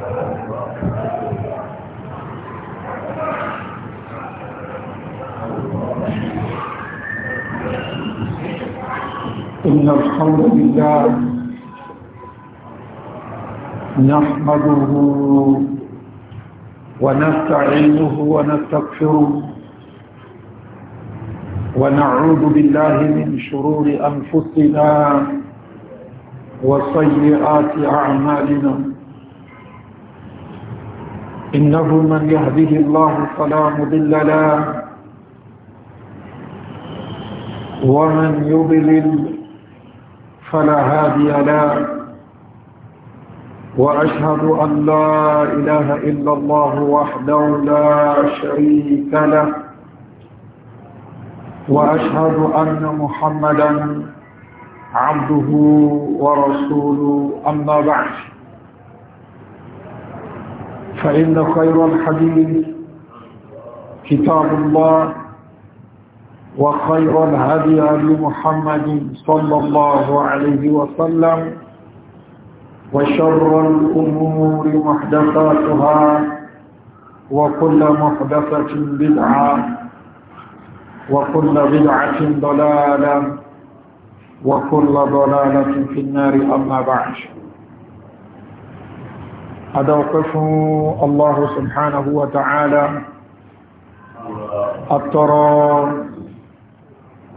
إن الحمد لله نحمده ونستعينه ونستغفره ونعوذ بالله من شرور أنفسنا وسيئات أعمالنا إنه من يهده الله فلا مضل له ومن يضلل فلا هادي له وأشهد أن لا إله إلا الله وحده لا شريك له وأشهد أن محمدا عبده ورسوله أما بعد فإن خير الحديث كتاب الله وخير الهدي هدي محمد صلى الله عليه وسلم وشر الأمور محدثاتها وكل محدثة بدعة وكل بدعة ضلالة وكل ضلالة في النار أما بعد أدوقف الله سبحانه وتعالى الترى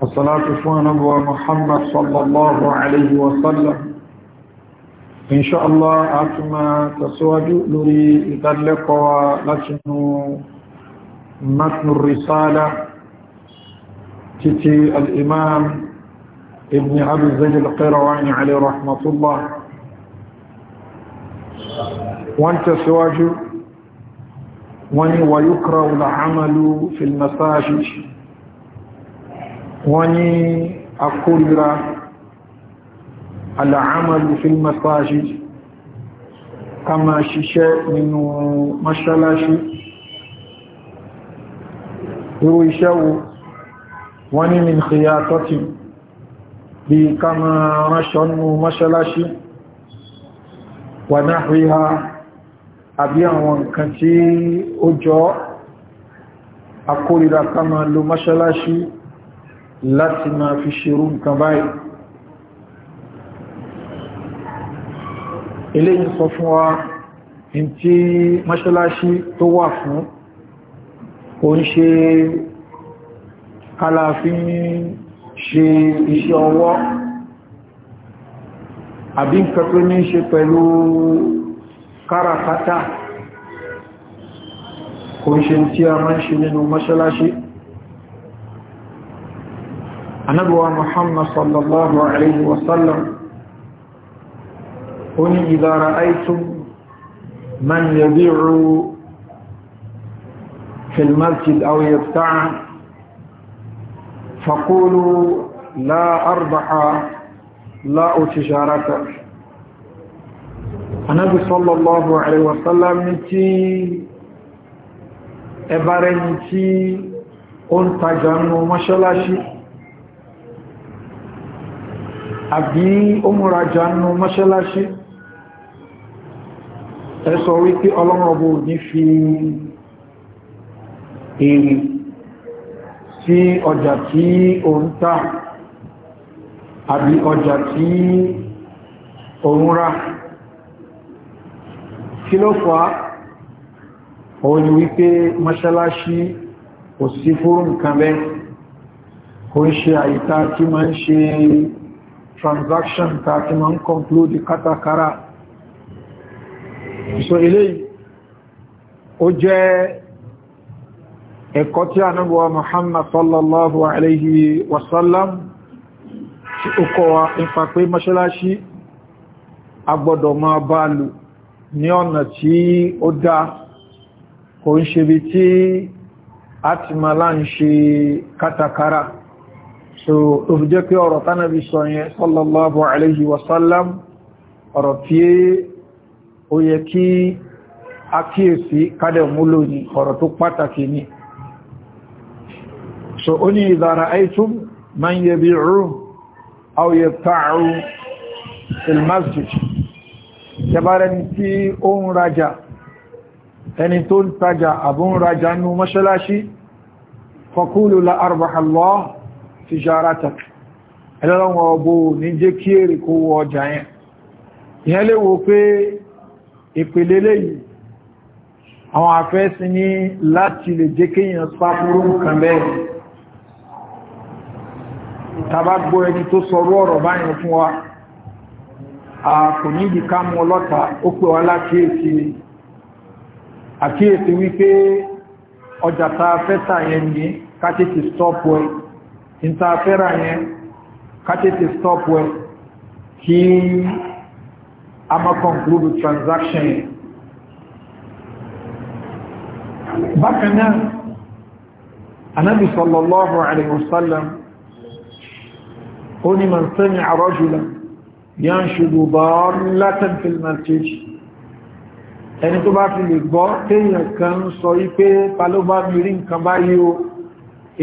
الصلاة نبوة محمد صلى الله عليه وسلم إن شاء الله أتما تسواج لري إدلق لكن متن الرسالة تتي الإمام ابن أبي زيد القيرواني عليه رحمة الله wọ́n tẹ̀síwájú wọ́n ni wà yóò kọ́rọ̀ wùlà àmàlú fìlmẹ́sáàjì wọ́n ni akórira al'amalu fìlmẹ́sáàjì ká máa ṣiṣẹ́ nínú mọ́ṣálásí irú iṣẹ́ wo wọ́n ni min kìyà tọ́tí bí ká máa ránṣọ́nù mọ́ṣálásí wà náà àbí àwọn nǹkan tí ó jọ akórira ká máa lo mọ́ṣálásí láti máa fi ṣerú nǹkan báyìí eléyìn sọ fún wa in tí mọ́ṣálásí tó wà fún o ń ṣe aláàfin ṣe iṣẹ́ ọwọ́ àbí nǹkan tó ní ṣe pẹ̀lú káràkátà kò ń ṣe tí a máa ń ṣe nínú mọ́ṣálásí anábíwa muhammad sallallahu alaihi wasallam ó ní ìdára aitun man yabiru في المسجد أو يبتاع فقولوا لا أربح لا تجارة النبي صلى الله عليه وسلم نتي ẹbára ẹni tí ó ń tajà nínú mọ́ṣálásí àbí ó múrajà nínú mọ́ṣálásí ẹ sọ wípé ọlọ́mọ̀bọ̀ ní fi èrè sí ọjà tí ó ń tà àbí ọjà tí òun rà kí ló fà òun ni wípé mọ́ṣálásí kò sí fúrún kan bẹ́ kò ń ṣe àyíká tí ma ń ṣe transaction ta tí ma ń conclude kátàkárà so eléyìí ó jẹ́ ẹ̀kọ́ tí a náà wà Muhammad sallallahu alaihi wasallam tí ó kọ́ wa nípa pé mọ́ṣáláṣí agbọ́dọ̀ máa bá lù ní ọ̀nà tí ó dá kò ń ṣe bí tí a ti máa láà ń ṣe kátàkárà so ó fi jẹ́ pé ọ̀rọ̀ tánàbí sọ yẹn sallallahu alayhi wasallam sallam ọ̀rọ̀ tí ó yẹ kí a kíyèsí kádẹ̀ múlò ní ọ̀rọ̀ tó pàtàkì ni so ó ní idha ra'aytum man yabi'u أو يبتاع في المسجد كبارن تي أون رجا يعني تون تجا أبون رجا أنه مشلاشي فقولوا لا أربح الله تجارتك ẹ̀lẹ́ lọ́wọ́ ọbọ̀ ní jẹ́ kí èrè kó wọ ọjà yẹn ìyẹn lè wo pé ìpele léyìí àwọn afẹ́sí ní láti lè jẹ́ kéèyàn sáfúrú kan bẹ́ẹ̀ tàbá gbọ́ ẹni tó sọ̀rọ̀ ọ̀rọ̀ báyìí fún wa a kò ní ìdí ká mú ọlọ́ta ó pè wá lákíyèsí àkíyèsí wípé ọjà ta fẹ́ta yẹn ní kátètè stọ́pù ẹ̀ ìta fẹ́ra yẹn kátètè stọ́pù ẹ̀ kí a má conclude transaction yẹn bákan náà anábì sallallahu alaihi wasallam ó ní man sami'a rajulan yanshudu dallatan fil masjid ẹni tó bá fi lè gbọ́ téèyàn kan ń sọ wípé ta ló bá mi rí nǹkan báyìí o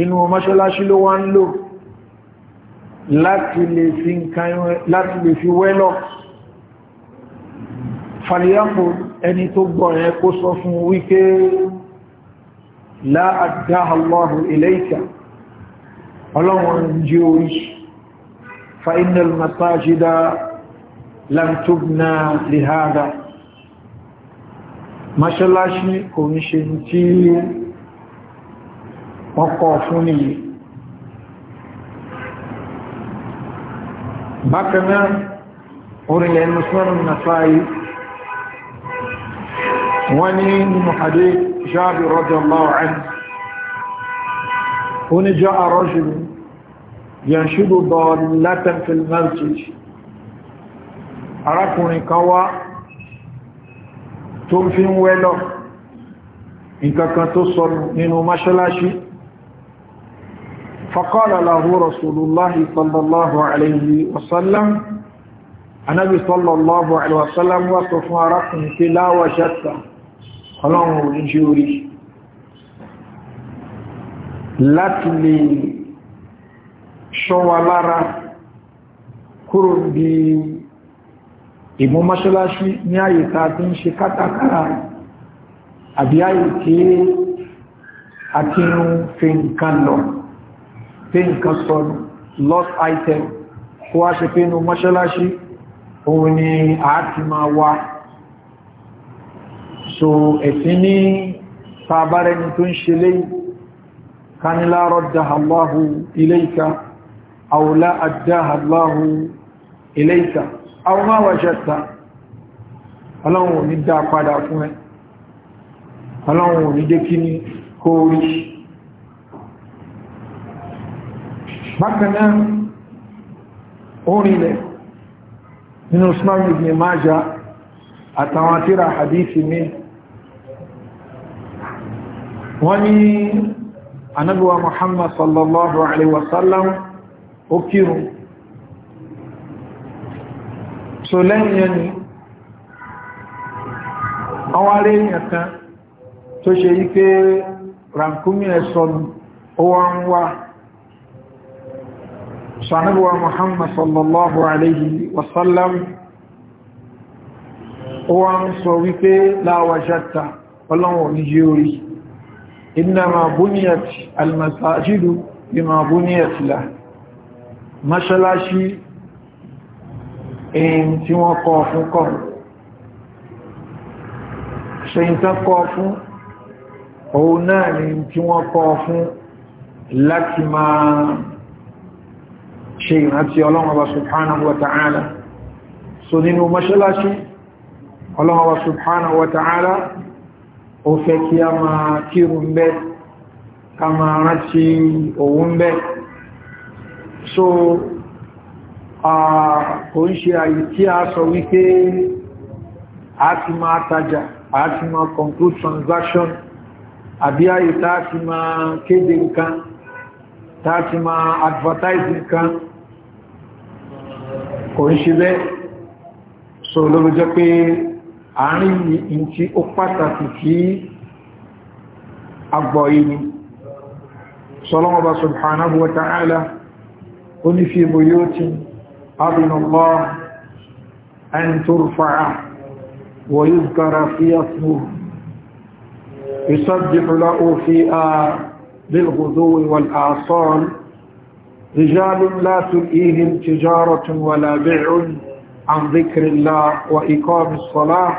inú mọ́ṣáláṣí ló wá ń lò láti lè fi wẹ́lọ̀ fàlìyàpò ẹni tó gbọ́ ẹ̀ kó sọ fún wípé la addaha Allahu ilayka ọlọ́wọ́n jí oríṣìí فإن المساجد لم تبنى لهذا ما شاء الله شيء كون شنتي وقفوني بكنا أولي المسلم النفائي ونين محديث جابر رضي الله عنه هنا جاء رجل yànṣúrò bọ̀ látẹ̀fẹ̀l mẹ́rìtìjì arákùnrin kan wá tó fi ń wẹ́ lọ nǹkankan tó sọnù nínú mọ́ṣálásí faqala lahu rasulullahi sallallahu alayhi wasallam anábi sallallahu alayhi wasallam wá sọ fún arákùnrin pé láwọ́ ṣẹ́ta ọlọ́run òní ṣe orí láti lè ṣọ́ wa lára kúrò bí ìmú mọ́ṣáláṣí ní àyè tá ti ń ṣe kátàkárà àbí àyè tí a ti ń fi nǹkan lọ fi nǹkan sọnù lost item kó wá ṣe pé inú mọ́ṣáláṣí òun ni a ti máa wá so ẹ̀sìn ní tàbárẹni tó ń ṣe léyìn kanílárọ̀ dáhàláhù iléyìí أو لا أداها الله إليك أو ما وجدت ọlọ́run ní dá padà fún ẹ ọlọ́run ní jẹ́ kí ní kó rí bákanáà orílẹ̀ nínú smart ibn maja àtàwọn àtíra hadithi ní wọ́n ní anábíwa muhammad sallallahu alaihi wasallam ó kírun so lẹ́yìn yẹn ni àwọn ará èèyàn kan tó ṣe yí pé rankumi ẹ̀sọ́nù ó wá ń wá sanabuwa muhammad sallallahu alayhi wasallam ó wá ń sọ wípé láwàṣàtà ọlọ́wọ̀ ní jí orí inna ma buniyat almasajidu bima buniyat lahu mọ́ṣáláṣí èyí tí wọ́n kọ́ fún kọ́ ṣe ń tán kọ́ fún òun náà ni tí wọ́n kọ́ fún láti máa ṣe ìrántí ọlọ́run ọba subhanahu wa ta'ala so nínú mọ́ṣáláṣí ọlọ́run ọba subhanahu wa ta'ala ó fẹ́ kí a máa kírun bẹ́ ká máa rántí òun bẹ́ẹ̀ so kò ń ṣe àyè tí a sọ wípé a ti máa tajà a ti máa conclude transaction àbí àyè tá ti máa kéde nǹkan tá ti máa advertise nǹkan kò ń ṣe bẹ́ẹ̀ so ló jẹ́ pé àárín yìí tí ó pàtàkì kí agbọ̀ yìí ni sọlọ́mọba subhanahu wa ta'ala ala ó في بيوت أذن الله أن ترفع ويذكر في اسمه يصدق له فيها lahu بالغدو والآصال رجال لا تلئيهم تجارة ولا بيع عن ذكر الله وإقام الصلاة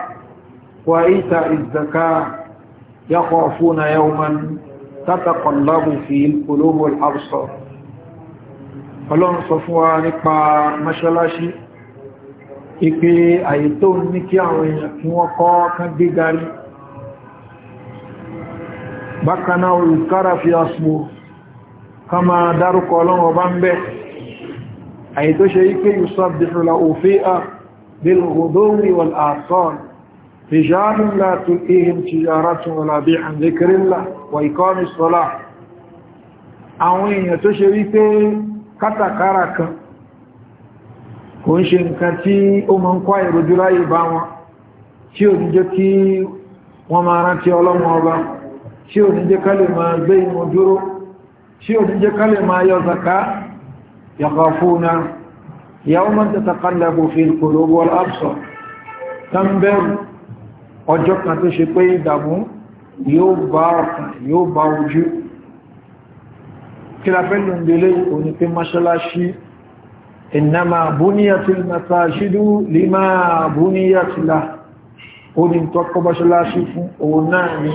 وإيتاء الزكاة يخافون يوما تتقلب فيه القلوب والأبصار ọlọ́run sọ fún wa nípa mọ́ṣálásí ìpé àyè tó ní kí àwọn èèyàn kí wọ́n kọ́ kán gbé garí bákaná olùkára fi asmo ká máa dárúkọ ọlọ́run ọba ń bẹ́ àyè tó ṣe ìpé ìsọ́bìnrìnlá òfin à بالغدو àwọn èèyàn tó ṣe wípé kátàkárà kan kò ń ṣe nǹkan tí ó mọ́ ń kọ́ ìrojú láyé bá wọn tí ò ní jẹ́ kí wọ́n máa rántí ọlọ́mọ ọba tí ò ní jẹ́ ká lè máa gbé ìmọ̀ dúró tí ò ní jẹ́ ká máa yọ zaka yakhafuna yawman tataqallabu yóò bá ọkàn yóò bá ojú kí la fẹ́ lò ń délé òní pé mọ́ṣáláṣí ìnáma búníyàtìl masáṣídú lima búníyàtìlá ó ní tọ́kọ́ mọ́ṣáláṣí fún òun náà ni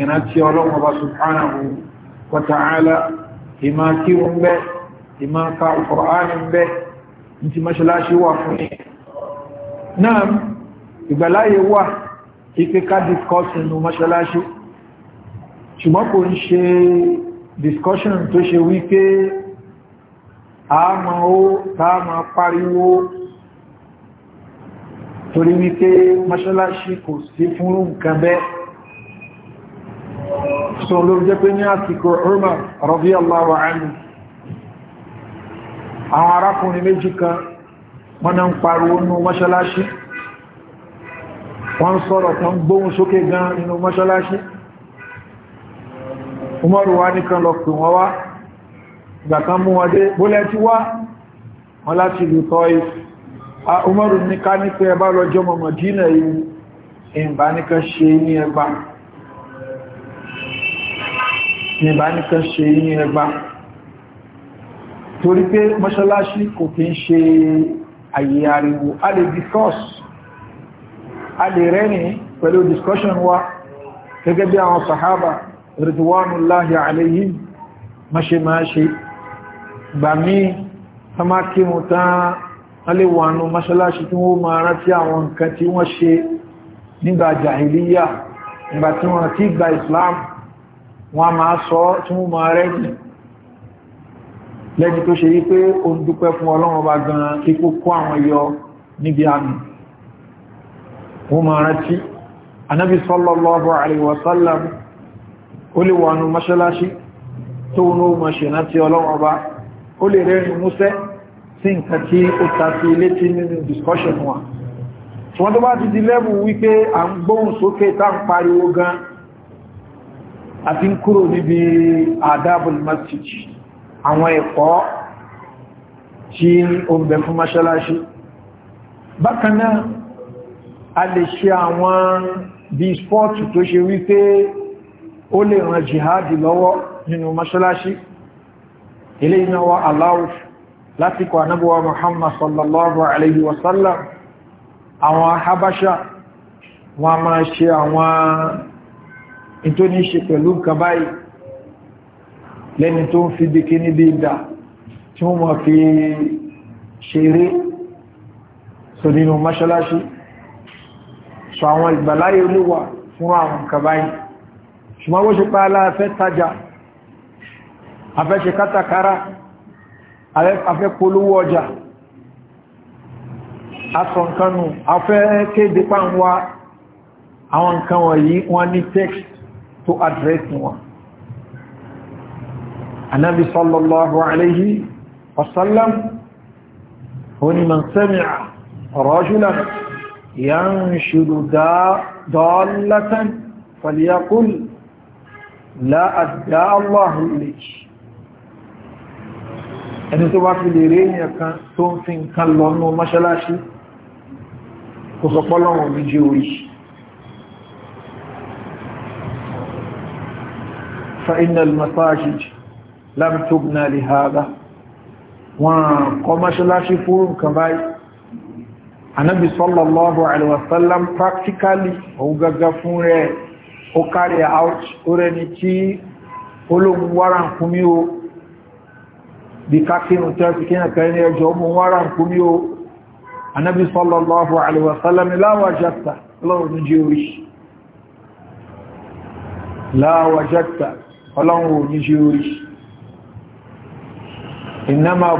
ìrántí ọlọ́run ọba subhanahu wa ta'ala ìmá kí wọn bẹ́ ìmá ka Al-Qur'ani bẹ́ ní ti mọ́ṣáláṣí wà fún ṣùgbọ́n kò ń ṣe discussion tó ṣe wípé àmà ó tààmà pariwo torí wípé mọ́ṣálásí kò sí fún nǹkan bẹ́ẹ̀ sọ ló jẹ́ pé ní àsìkò Umar radiyallahu anhu àwọn arákùnrin méjì kan wọ́n na ń pariwo nínú mọ́ṣálásí wọ́n sọ̀rọ̀ kan gbóhùn sókè gan nínú mọ́ṣálásí umaru wa nìkan lọ pè wọ́n wá gbàkan mú wọn dé bólẹ̀ ti wá wọn láti lù tọ́ if a umaru ní ká ní pé ẹbá lọ jọmọ mọ̀dínà ìwú ìbá nìkan ṣe ní ẹgbà ṣe ní ẹgbà torí pé mọ́ṣálásí kò kí ń ṣe àyè ariwo a lè discuss a lè rẹ́rìn pẹ̀lú discussion wa gẹ́gẹ́ bí àwọn sahaba rìdíwánuláhì àléyìn máṣe máa ṣe gbà mí tamákímù tán aléwànú mọ́ṣálásí tí wọ́n máa rántí àwọn nǹkan tí wọ́n ṣe nígbà jahiliya nígbà tí wọ́n ti gba islam wọ́n máa sọ tí wọ́n máa rẹ́jì lẹ́ni tó ṣe yí pé o ń dúpẹ́ fún ọlọ́run bá gan kíkó kó àwọn yọ níbi àmì wọ́n máa rántí anábi sallallahu alaihi wasallam ó lè wọnú mọ́ṣáláṣí tó ń mọ̀ ṣe náà tí ọlọ́run ọba ó lè rẹ́rin músẹ́ sí nǹkan tí ó ta sí létí nínú discussion wa ṣùgbọ́n tó bá ti di lẹ́bù wípé à ń gbóhùn sókè tá pariwo gan àti ń kúrò níbi adabul masjid àwọn ẹ̀kọ́ tí ó ń bẹ fún mọ́ṣáláṣí bákan náà a lè ṣe àwọn bí spọ́ọ̀tù tó ṣe wípé ó lè ran jihadi lọ́wọ́ nínú mọ́ṣálásí ilé ìnáwà aláwọ̀ lásìkò anábúwa muhammad sallallahu alaihi wasallam àwọn habasha wọn máa ṣe àwọn ìtò ní ṣe pẹ̀lú nǹkan báyìí lẹ́ni tó ń fi bíkí níbi ìdá tí wọ́n máa fi ṣeré so nínú mọ́ṣálásí so àwọn ìgbàláyé olúwa fún àwọn nǹkan ṣùgbọ́n wọ́n ṣe pa aláfẹ́ tajà afẹ́ ṣe kátàkárá afẹ́ polówó ọjà asọ nǹkan nù afẹ́ kéde pàǹwá àwọn nǹkan wọ̀nyí wọ́n ní text to address wọn anábi sallallahu alayhi wasallam oní man sami'a rajulan yanshidu dallatan falyaqul láàdá Allahu ilayhi ẹni tó bá fi lè rí èyàn kan tó ń fi nǹkan lọ ní mọ́ṣálásí kò sọpọ́ lọ́wọ́ mi jẹ́ orí fa innal masajid lam tubna li hadha wọn kọ́ mọ́ṣálásí fún nǹkan báyìí anábi sallallahu alaihi wasallam practically ọ̀gagá ó kárí out ó rẹni tí olóhun wára ń kú mí o bí kákínú tẹ́sí kí ẹ̀kẹ́ ní ẹjọ́ mú wára ń kú mí o anábí sallallahu alaihi wasallam láwàjátà ọlọ́run ní jẹ́ orí láwàjátà ọlọ́run ní jẹ́ orí innama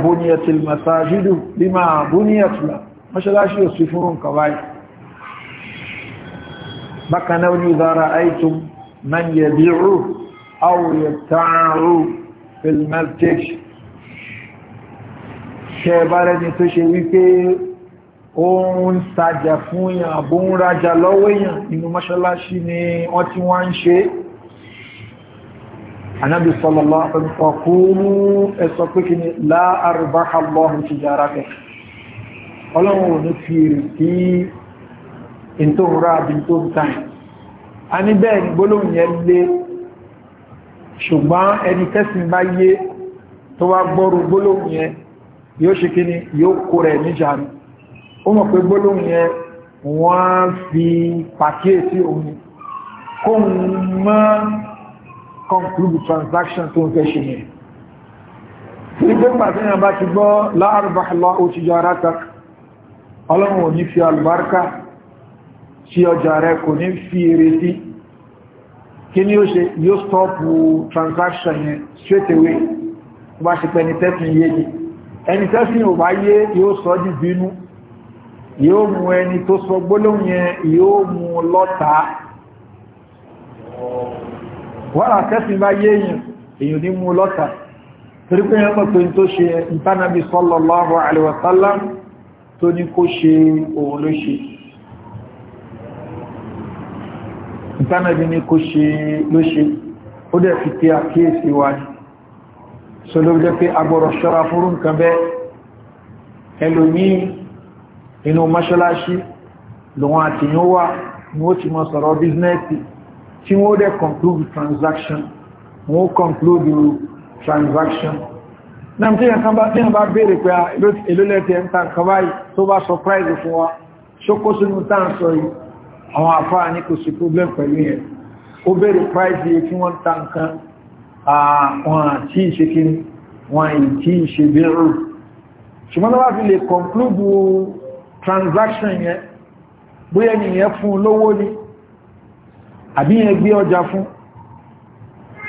bákan náà ní ìdára àìtún man yabi'u aw yabta'u fil market ṣe bára ẹni tó ṣe wípé ó ń tajà fún yàn àbó ń rajà lọ́wọ́ èèyàn inú mọ́ṣáláṣí ni wọ́n ti wá ń ṣe sallallahu alaihi wasallam ọkùnrin ẹ̀sọ́ ni la arbaha Allahu tijaratahu ọlọ́run ò fi ìntò rà bí tó tàn a ní bẹ́ẹ̀ ni gbólóhùn yẹn lé ṣùgbọ́n ẹni tẹ́sìn bá yé tó wá gbọ́rù gbólóhùn yẹn yóò ṣe kí ni yóò kó rẹ̀ níjànú ó mọ̀ pé gbólóhùn yẹn wọ́n fi pàkíyèsí òun transaction tó ń fẹ́ ṣe yẹn ìgbé pàtí ìyàn bá ti gbọ́ láàrùbá lọ́ tí ọjà rẹ kò ní fi èrè sí kí ni ó ṣe yóò stọ́pù transaction yẹn straight away tó bá ṣe pẹ́ ní tẹ́sìn yé ni ẹni tẹ́sìn ò bá yé yóò sọ ní bínú yóò mú ẹni tó sọ gbólóhùn yẹn yóò mú lọ́ta wọ́n àtẹ́sìn bá yé èèyàn èèyàn ní mú lọ́ta torí pé yẹn mọ̀ pé tó ṣe ìtànàbí sallallahu alaihi wasallam tó ní kó ṣe òun ló ṣe ìtànàbí ní kó ṣe ló ṣe ó dẹ̀ fi pé àkíyèsí wa ní so ló jẹ́ pé agbọ̀rọ̀ ṣọ́ra fúrú nǹkan bẹ́ ẹlòmí inú mọ́ṣáláṣí lòun àti yíó wà ní ó ti mọ́ sọ̀rọ̀ bíznẹ́sì tí wọ́n dẹ̀ conclude transaction wọ́n conclude transaction náà tí yẹn kan bá tí yẹn bá béèrè elólẹ́tẹ̀ẹ́ ah, ń ta kọbáyì tó bá surprise fún wa ṣókó sínú táà sọ yìí àwọn àfáà ní kò sí problem pẹ̀lú yẹn ó bẹ̀rẹ̀ price yẹ kí wọ́n ta nǹkan àwọn àti ìṣekí wọn ìtí ìṣe bẹ̀rù ṣùgbọ́n lọ́wọ́ fi lè conclude transaction yẹn bóyá nìyẹn fún lówó ni àbí yẹn gbé ọjà fún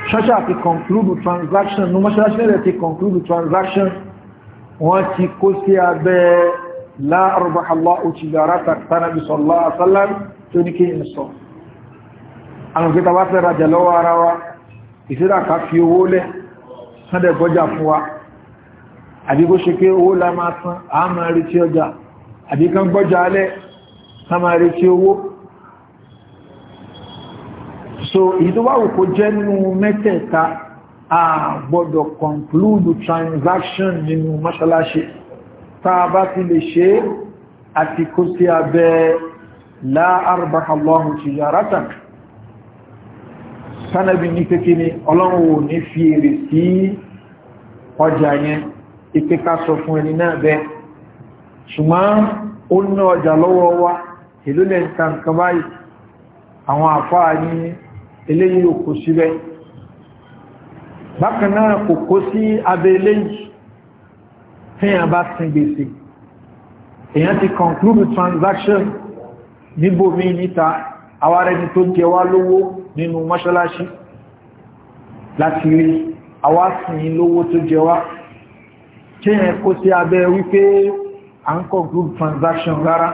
ṣọ́ṣà ti conclude transaction ní mọ́ṣáláṣí rẹ̀ ti conclude transaction wọ́n ti kó sí abẹ́ la arbaha Allahu tijarata tánàbí sallallahu alaihi wasallam tó ní kí n sọ àwọn òkúta wá fẹ́ rajà lọ́wọ́ ara wa ìsẹ́dà ká fi owó lẹ̀ sánlẹ̀ bọ́jà fún wa àbí kó ṣe pé owó la máa san a máa rí tí ọjà àbí kan gbọ́jà alẹ́ a máa rí tí owó so èyí tó wá kó jẹ́ nínú mẹ́tẹ̀ẹ̀ta a gbọ́dọ̀ conclude transaction nínú mọ́ṣáláṣí tá a bá ti lè ṣe àti kó sí abẹ́ láàrùbá Allah tijaratan sánàbí ní kékeré ni ọlọ́run ò ní fi èrè sí ọjà yẹn ìpé ká sọ fún ẹni náà bẹ́ẹ̀ ṣùgbọ́n ó ná ọjà lọ́wọ́ wa èló lẹ́ nǹkan báyìí àwọn àfáà ní eléyìí ò kó síbẹ̀ bákan náà kò kó sí abẹ́ eléyìí tí èèyàn bá sin gbèsè èèyàn ti conclude transaction níbòmí níta awárẹni tó jẹ wá lówó nínú mọ́ṣálásí láti rí awásìn lówó tó jẹ wá kíyàn kó sí abẹ́ wípé à ń conclude transaction rárá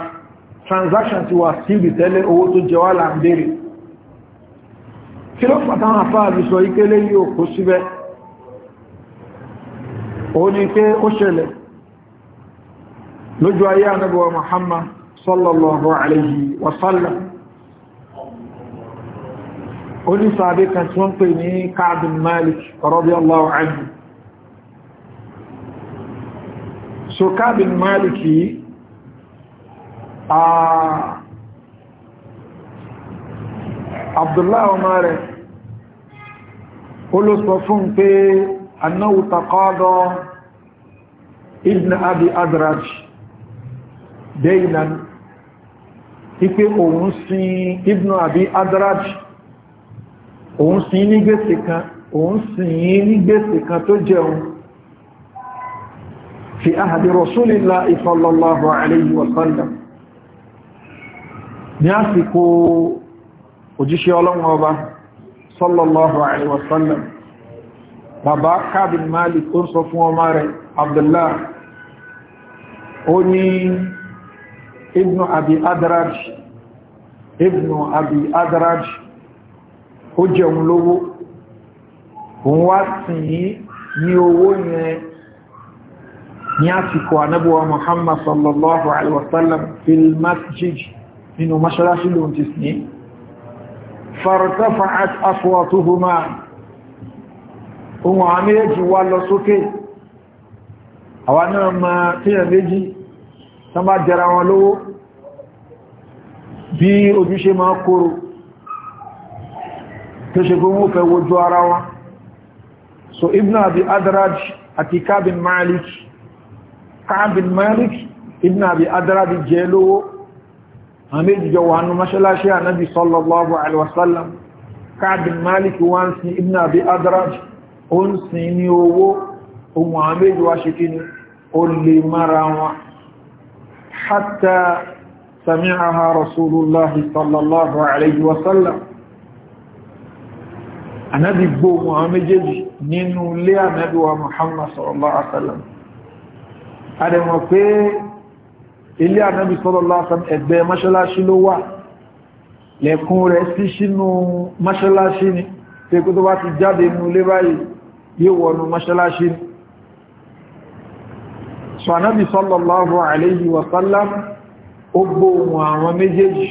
transaction ti wà sílì tẹ́lẹ̀ owó tó jẹ wá là kí ló pàtàkì àfáàbí sọ ikélé yóò kó síbẹ̀ ó ní pé ó ṣẹlẹ̀ lójú ayé ànábọ̀wà Muhammad sallallahu alayhi wa sallam onísàbí kan tí wọ́n pè ní Ka'b bin Malik radiyallahu anhu so Ka'b bin Malik yìí ah, Abdullah ọmọ rẹ̀ ó ló sọ fún pé annáwò takọ́dọ̀ ibn abi adraj dainan wípé òun sin ibnu àbí adraj òun sin ní gbèsè kan òun sin ní gbèsè kan tó jẹun fi ahàdì rasulillah sallallahu alayhi wa sallam ní àsìkò òjíṣẹ́ ọlọ́run ọba sallallahu alayhi wa sallam bàbá kábin malik ó sọ fún ọmọ rẹ̀ abdullah ó ní ibn abi adraj ibn abi adraj ó jẹun lówó òun wá sìn yí ní owó yẹn ní àsìkò anábúwa muhammad sallallahu alaihi wasallam fil masjid nínú masharashi lóhun ti sìn fartafa'at aswatuhuma ohun àwọn méjì wá lọ sókè àwọn ma tíyàn méjì tán bá jẹra wọn lówó bí ojú ṣe máa kóró tó ṣe gbogbo fẹ́ wojú ara wa so ibn abi adraj àti kábin malik kábin malik ibn abi adraj jẹ́ lówó àmì ìjọ wà nù mọ́ṣálásí ànábì sallallahu alaihi wasallam kábin malik wá ń sin ibn abi adraj ó ń sin ní owó ohun àmì ìjọ wá ṣe kí ni ó lè mara wọn سمعها رسول الله صلى الله عليه وسلم anabi gbóhùn àwọn méjèèjì nínú ilé ànábì wa muhammad sallallahu alaihi wasallam adẹ̀mọ̀ pé ilé ànábì sallallahu alaihi wasallam ẹgbẹ́ mọ́ṣálásí ló wà lẹ́kún rẹ̀ sí sínú mọ́ṣálásí ni pé kó tó bá ti jáde nínú ilé báyìí yíò wọnú mọ́ṣálásí ni so ànábì sallallahu alaihi wasallam ó gbóhùn àwọn méjèèjì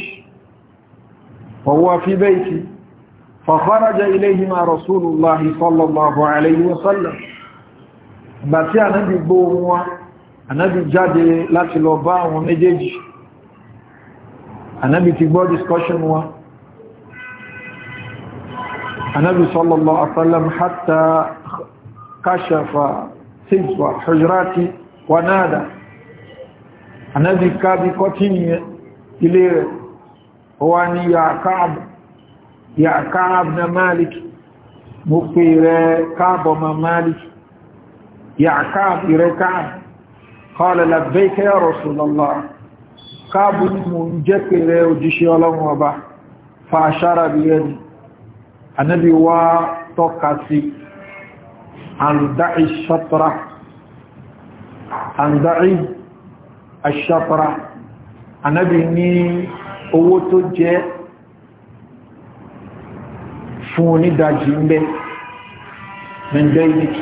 ọwọ́ fi bẹ́ẹ̀kì fàfárájá ilé ìhìmá rasúlùláhì sallallahu alayhi wa sallam bà tí ànábì gbóhùn wa ànábì jáde láti lọ bá àwọn méjèèjì ànábì ti gbọ́ discussion wa ànábì sallallahu alayhi wa sallam hatta kashafa sijwa hujrati wa anábi kábi kọ́tíni ilé rẹ̀ ó wá ní ya káàb na malik mo pè rẹ̀ káàbọ̀ ma malik ya káàb rẹ̀ káàb qala labbayka ya rasulallah káàbù ní mo jẹ́ pè rẹ̀ òjíṣẹ́ ọlọ́run ọba aṣọ́pàá anábì ní owó tó jẹ́ fún onídajì ń bẹ́ mendelic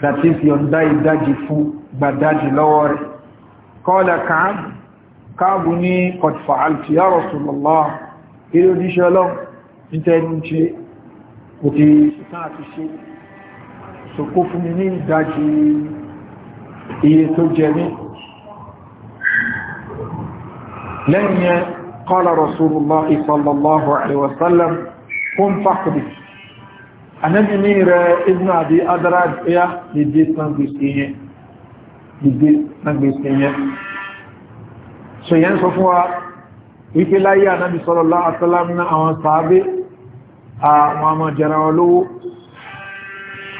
that is yọ̀ndá ìdájì fún gbàdájì lọ́wọ́ rẹ̀ kọ́lá káàbù káàbù ní kọ̀tífà àti ya Rasulullah eré oníṣẹ́ ọlọ́run nítẹ́ni ṣe òtí ṣùgbọ́n àti ṣe sòkó fún mi ní ìdájì iye tó jẹ ní لن قال رسول الله صلى الله عليه وسلم قم فاحبس النبي مير ابن ابي ادراج يا لديت نغبسيه لديت نغبسيه so yẹn sọ fún wa wípé láyé ànábì sallallahu alaihi wasallam ní àwọn sàábé àwọn àmọ̀jẹ̀rẹ̀ olówó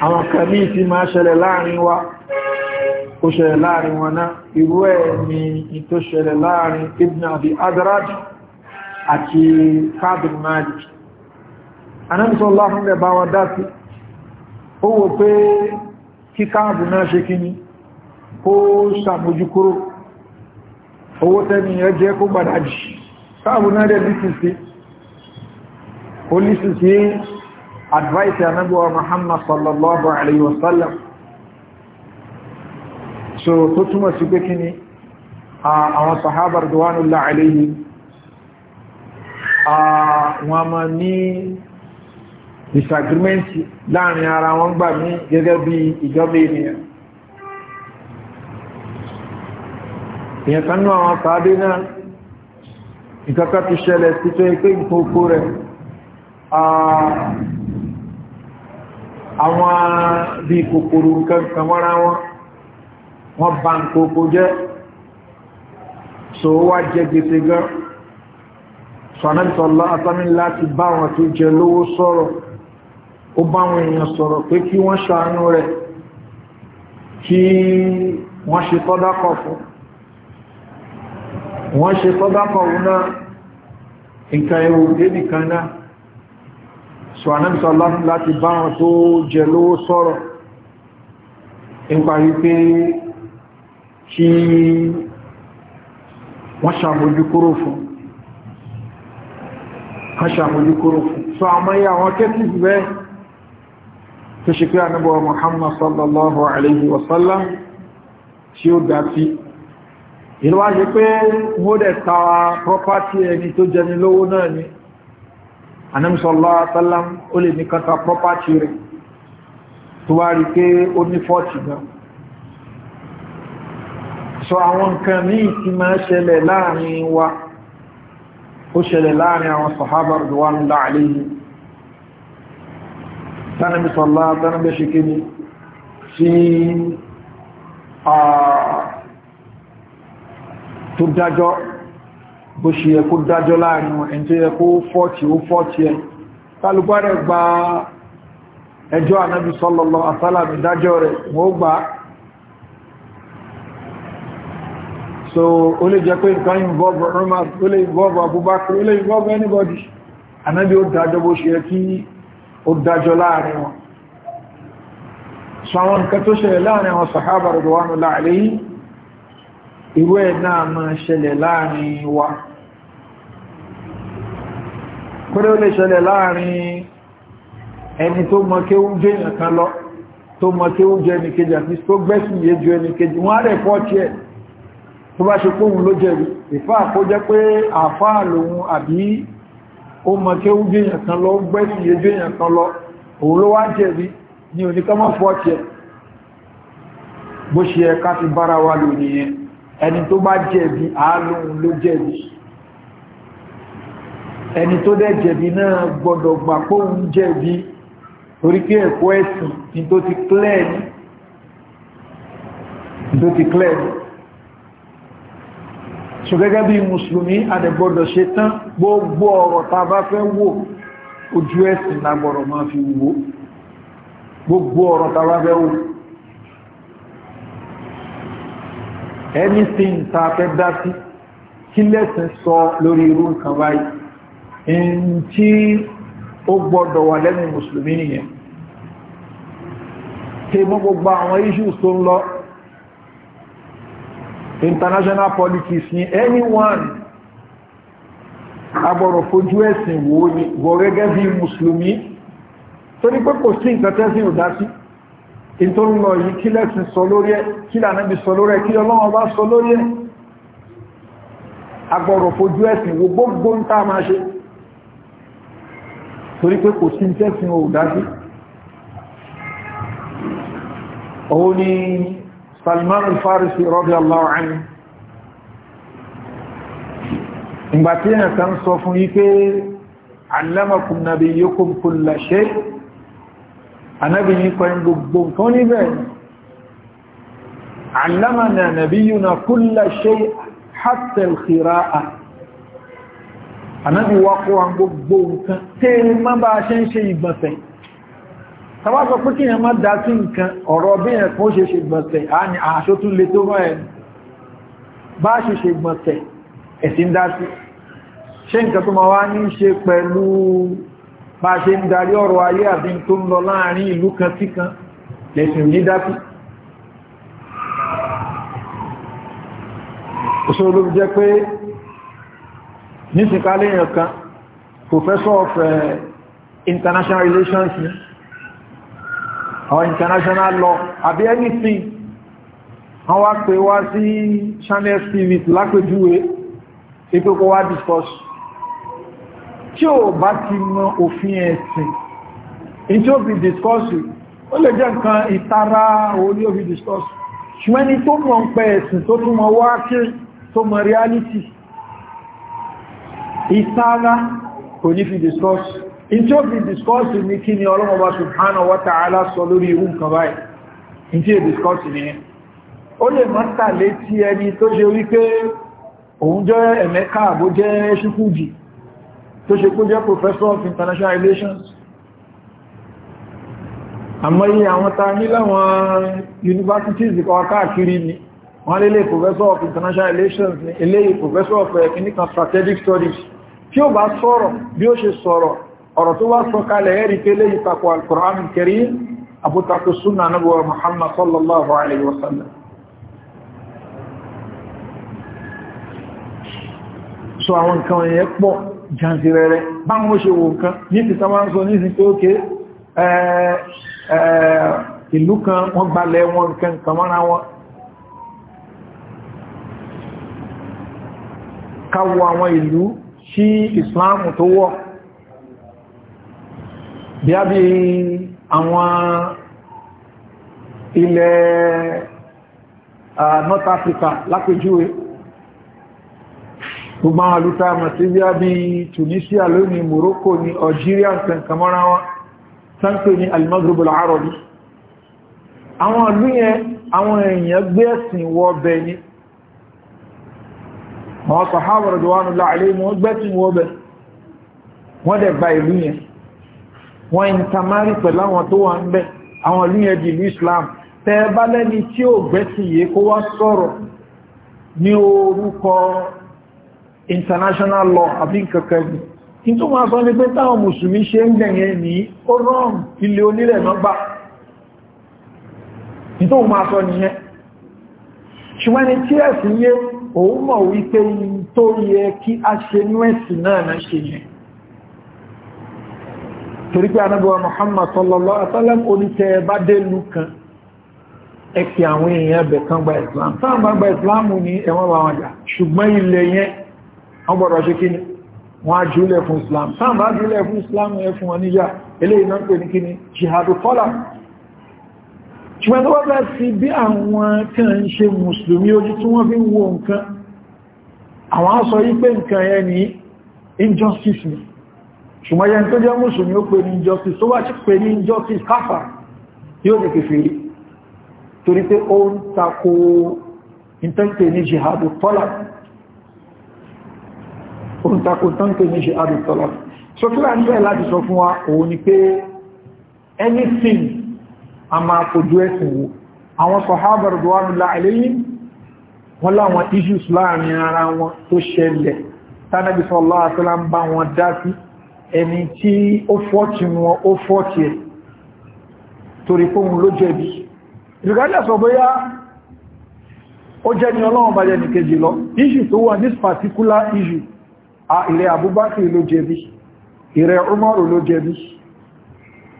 àwọn kàmí ti máa ṣẹlẹ̀ láàrin wa ó ṣẹlẹ̀ láàrin wọn náà irú ẹ̀ ni tó ṣẹlẹ̀ láàrin ibn abi adraj àti kábin malik anábìsọ láàrin rẹ̀ bá wọn dáti ó wò pé kí káàbù náà ṣe kí ni kó ṣàmójúkúrò owó tẹ́ni ẹ kó gbàdá jì káàbù náà dẹ̀ lísìsí ó advice anábíwa muhammad sallallahu alaihi wasallam so tó túnmọ̀ sí pé kí ni àwọn sahaba radwanullahi alayhi wọn ma ní disagreement láàrin ara wọn gbà ní gẹ́gẹ́ bí ìjọba ènìyàn èyàn kan ní àwọn pàdé náà ìkọ́kọ́ ti ṣẹlẹ̀ sí tó ipé ìpòkó rẹ̀ àwọn bí kòkòrò nǹkan kan mọ́ra wọn wọ́n bá ń kókó jẹ́ so wá jẹ gbèsè gan sọ̀nàbìsọ̀lá àtàmì láti bá wọn tó jẹ lówó sọ̀rọ̀ ó bá wọn èèyàn sọ̀rọ̀ pé kí wọ́n ṣàánú rẹ̀ kí wọ́n ṣe tọ́dákọ̀ fún wọ́n ṣe tọ́dákọ̀ fún náà nǹkan ẹ̀wò débì kan náà sọ̀nàbìsọ̀lá láti bá wọn tó jẹ lówó sọ̀rọ̀ nípa wípé tí wọ́n ṣàmójúkúrò fún wọ́n ṣàmójúkúrò fún so àmáyà wọn kẹ́tì bẹ́ tó ṣe pé àníbọ̀ Muhammad sallallahu alaihi wasallam tí ó dá sí ìlú wáyé pé mọ́dẹ̀ ta property ẹni tó jẹni lówó náà ni àníbọ̀ sallallahu alaihi wasallam ó lè ní kata property rẹ̀ tó wá rí pé ó ní 40 náà so àwọn nǹkan míì tí máa ṣẹlẹ̀ láàrin wa ó ṣẹlẹ̀ láàrin àwọn sahaba ridwanullahi alayhim tánàbí sọ́lá tánàbí ṣe kí ni tí a tó dájọ́ bó ṣe yẹ kó dájọ́ láàrin wọn ẹni yẹ kó fọ́tí ó fọ́tí ẹ tálùgbárẹ̀ gba ẹjọ́ ànábì sallallahu alaihi dájọ́ rẹ̀ wọ́n gbàá so ó lè jẹ́ pé nǹkan involve Roma ó lè involve Abubakar ó lè involve anybody anábí ó dájọ́ bó ṣe yẹ kí ó dájọ́ láàrin wọn so àwọn nǹkan tó ṣẹlẹ̀ láàrin àwọn sahaba radwanullahi alayhi irú ẹ̀ náà máa ṣẹlẹ̀ láàrin wa kúrò lè ṣẹlẹ̀ láàrin ẹni tó mọ kí ó jẹ́ ìyàn kan lọ tó mọ kí ó jẹ́ ẹnìkejì àti tó gbẹ́sìn yé ju ẹnìkejì wọ́n á rẹ̀ fọ́ tiẹ̀ tó bá ṣe kóhun ló jẹ̀bi ìfà kó jẹ́ pé àfá lòun àbí ó mọ̀ tí ó gbéyàn kan lọ gbẹ́sì ègbéyàn kan lọ òun ló wá jẹ̀bi ní oníkọ́mọ̀ fọ́tí ẹ̀ bó ṣe ẹ̀ká ti bára wa lò nìyẹn ẹni tó bá jẹ̀bi àálòun ló jẹ̀bi ẹni tó dẹ̀ jẹ̀bi náà gbọ́dọ̀ gbà kóhun jẹ̀bi torí pé ẹ̀kọ́ ẹ̀sìn ní tó ti clear ní so gẹ́gẹ́ bí mùsùlùmí adẹ̀gbọ́dọ̀ ṣe tán gbogbo ọ̀rọ̀ ta bá fẹ́ wò ojú ẹ̀sìn lágbọ̀rọ̀ máa fi wò gbogbo ọ̀rọ̀ ta bá fẹ́ wò anything ta fẹ́ dá sí kí lẹ́sìn sọ lórí irú nǹkan báyìí in tí ó gbọ́dọ̀ wà lẹ́nu mùsùlùmí nìyẹn tèmọ́ gbogbo àwọn issues tó ń lọ international politics ni anyone agbọ̀rọ̀ fojú ẹ̀sìn wo ni wọ gẹ́gẹ́ bí mùsùlùmí torí pé kò sí nǹkan tẹ́sìn ò dá sí ìtòrún lọ yìí kí lẹ́sìn sọ lórí ẹ̀ kí lànàbí sọ lórí ẹ̀ kí ọlọ́wọ́ bá sọ lórí ẹ̀ agbọ̀rọ̀ fojú ẹ̀sìn wo gbogbo ń tá máa ṣe torí pé kò sí tẹ́sìn ò dá sí òun ni Salman al-Farisi radiyallahu anhu ìgbà tí èèyàn kan sọ fún yí pé allamakum nabiyyukum kulla shay anábi yí kọ́ yí gbogbo nǹkan níbẹ̀ allamana nabiyyuna kulla shay hatta al-khira'a anábi wá kọ́ wọn gbogbo nǹkan tẹ́ẹ̀mọ́ bá ṣe ń ṣe ìgbọ̀nsẹ̀ tàbá sọ pé kíyàn má dá sí nǹkan ọ̀rọ̀ bí yẹn kó ṣe ṣe gbọ̀nsẹ̀ á ní àṣọ tún lè tó rán ẹ̀ bá ṣe ṣe gbọ̀nsẹ̀ ẹ̀sìn dá sí ṣé nǹkan tó máa wá ní ṣe pẹ̀lú bá ṣe ń darí ọ̀rọ̀ ayé àti tó ń lọ láàrin ìlú kan sí kan lẹ́sìn ní dá sí òṣèlú ló jẹ́ pé nísìnkálẹ̀ èèyàn kan professor of uh, international relations ni àwọn international law àbí anything wọ́n wá pè wá sí channel tv lápèjúwe ìpékọ́ wá discuss tí ò bá ti mọ òfin ẹ̀sìn in tí ó fi discuss ó lè jẹ́ nǹkan ìtara orí ó fi discuss ṣùgbọ́n ni tó mọ̀ ń pẹ ẹ̀sìn tó tún mọ̀ wá kí tó mọ̀ reality ìtara kò ní fi discuss in tí ó fi discourse ní kí ni ọlọ́run ọba subhanahu wa ta'ala sọ lórí irú nǹkan báyìí in tí ó discourse ní ó lè má tà létí ẹni tó ṣe wípé òun jẹ́ ẹ̀mẹ́ká àbó jẹ́ ṣíkújì tó ṣe kó jẹ́ professor of international relations àmọ́ iye àwọn ta ní láwọn universities kọ káàkiri ni wọ́n lélẹ̀ professor of international relations ni eléyìí professor of eh, clinical strategic studies tí ó bá sọ̀rọ̀ bí ó ṣe sọ̀rọ̀ ọ̀rọ̀ tó wá sọ kalẹ̀ ẹ̀rí pé lè ìtakò alkùránì kẹrí àbútakò súnà náà muhammad sallallahu alaihi wasallam so àwọn nǹkan ẹ̀yẹ pọ̀ jàǹsìrẹrẹ báwọn ó ṣe wo nǹkan ní ti sá máa ń sọ ní ìsìn pé ókè ìlú kan wọ́n gbalẹ̀ wọn kan mọ́ra wọn káwọ àwọn ìlú sí ìsìláàmù tó wọ́pọ̀ bí a bí àwọn ilẹ̀ ah, North Africa lápèjúwe gbogbo àwọn àlúta àmà sí bí a bí Tunisia lónìí Morocco ni Algeria kankan mọ́ra wọn sáńpé ní al-Maghrib al-Arabi àwọn ìlú yẹn àwọn èèyàn gbé ẹ̀sìn wọ bẹ̀ ni àwọn sàhábà radwanullahi alayhim gbẹ́sìn wọ bẹ̀ wọ́n dẹ̀ gba ìlú yẹn wọ́n ìntàmárì pẹ̀lú àwọn tó wà ń bẹ àwọn ìlú yẹn di ìlú Islam tẹ́ bá lẹ́ni tí ó gbẹ́sì yìí kó wá sọ̀rọ̀ ní orúkọ international law àbí kankan bí kí tó máa sọ ní pé táwọn mùsùlùmí ṣe ń gbẹ̀yẹn ní ó rọrùn ilé onílẹ̀ náà kí tó máa sọ nìyẹn ṣùgbọ́n ni tí ẹ̀sìn yé òun mọ̀ wípé tó yẹ kí a ṣe nú ẹ̀sìn náà náà ṣe yẹn torí pé anábọ̀wà Muhammad sallallahu alaihi wasallam oníṣẹ́ bá dé lú kan ẹ̀kì àwọn èèyàn ẹbẹ̀ kan gba Islam sáà bá gba Islam ní ẹ̀wọ̀n bá wọn jà ṣùgbọ́n ilẹ̀ yẹn wọ́n gbọ́dọ̀ ṣe kí ni wọ́n á jùlẹ̀ fún Islam sáà bá jùlẹ̀ fún Islam yẹn fún wọn níyà eléyìí náà pè ní kí ni injustice ni ṣùgbọ́n yẹn tó jẹ́ mùsùlùmí ó pè ní injustice tó wá sí pè ní injustice káfà yóò ní kèfèrí torí pé ó ń takò ìtẹ́ǹtẹ̀ ní jihadu tọ́lá ó ń takò ìtẹ́ǹtẹ̀ ní jihadu tọ́lá so kí láti bẹ́ẹ̀ láti sọ fún wa òun ni pé anything a máa fojú ẹ̀sìn wo àwọn sọ̀hábà rọ̀dọ̀wàmìlà àlẹ́yìn wọ́n láwọn issues láàrin ara wọn tó ṣẹlẹ̀ tánàbí sọ́lá àtọ́lá ń bá wọn dá sí ẹni tí ó fọ́tí wọn ó fọ́tí ẹ̀ torí pé òun ló jẹ̀bi ìrìnlẹ̀ sọ bóyá ó jẹ́ ní ọlọ́run bá jẹ́ nìkejì lọ issue tó wà this particular issue a ilẹ̀ Abubakar ló jẹ̀bi ìrẹ̀ Umaru ló jẹ̀bi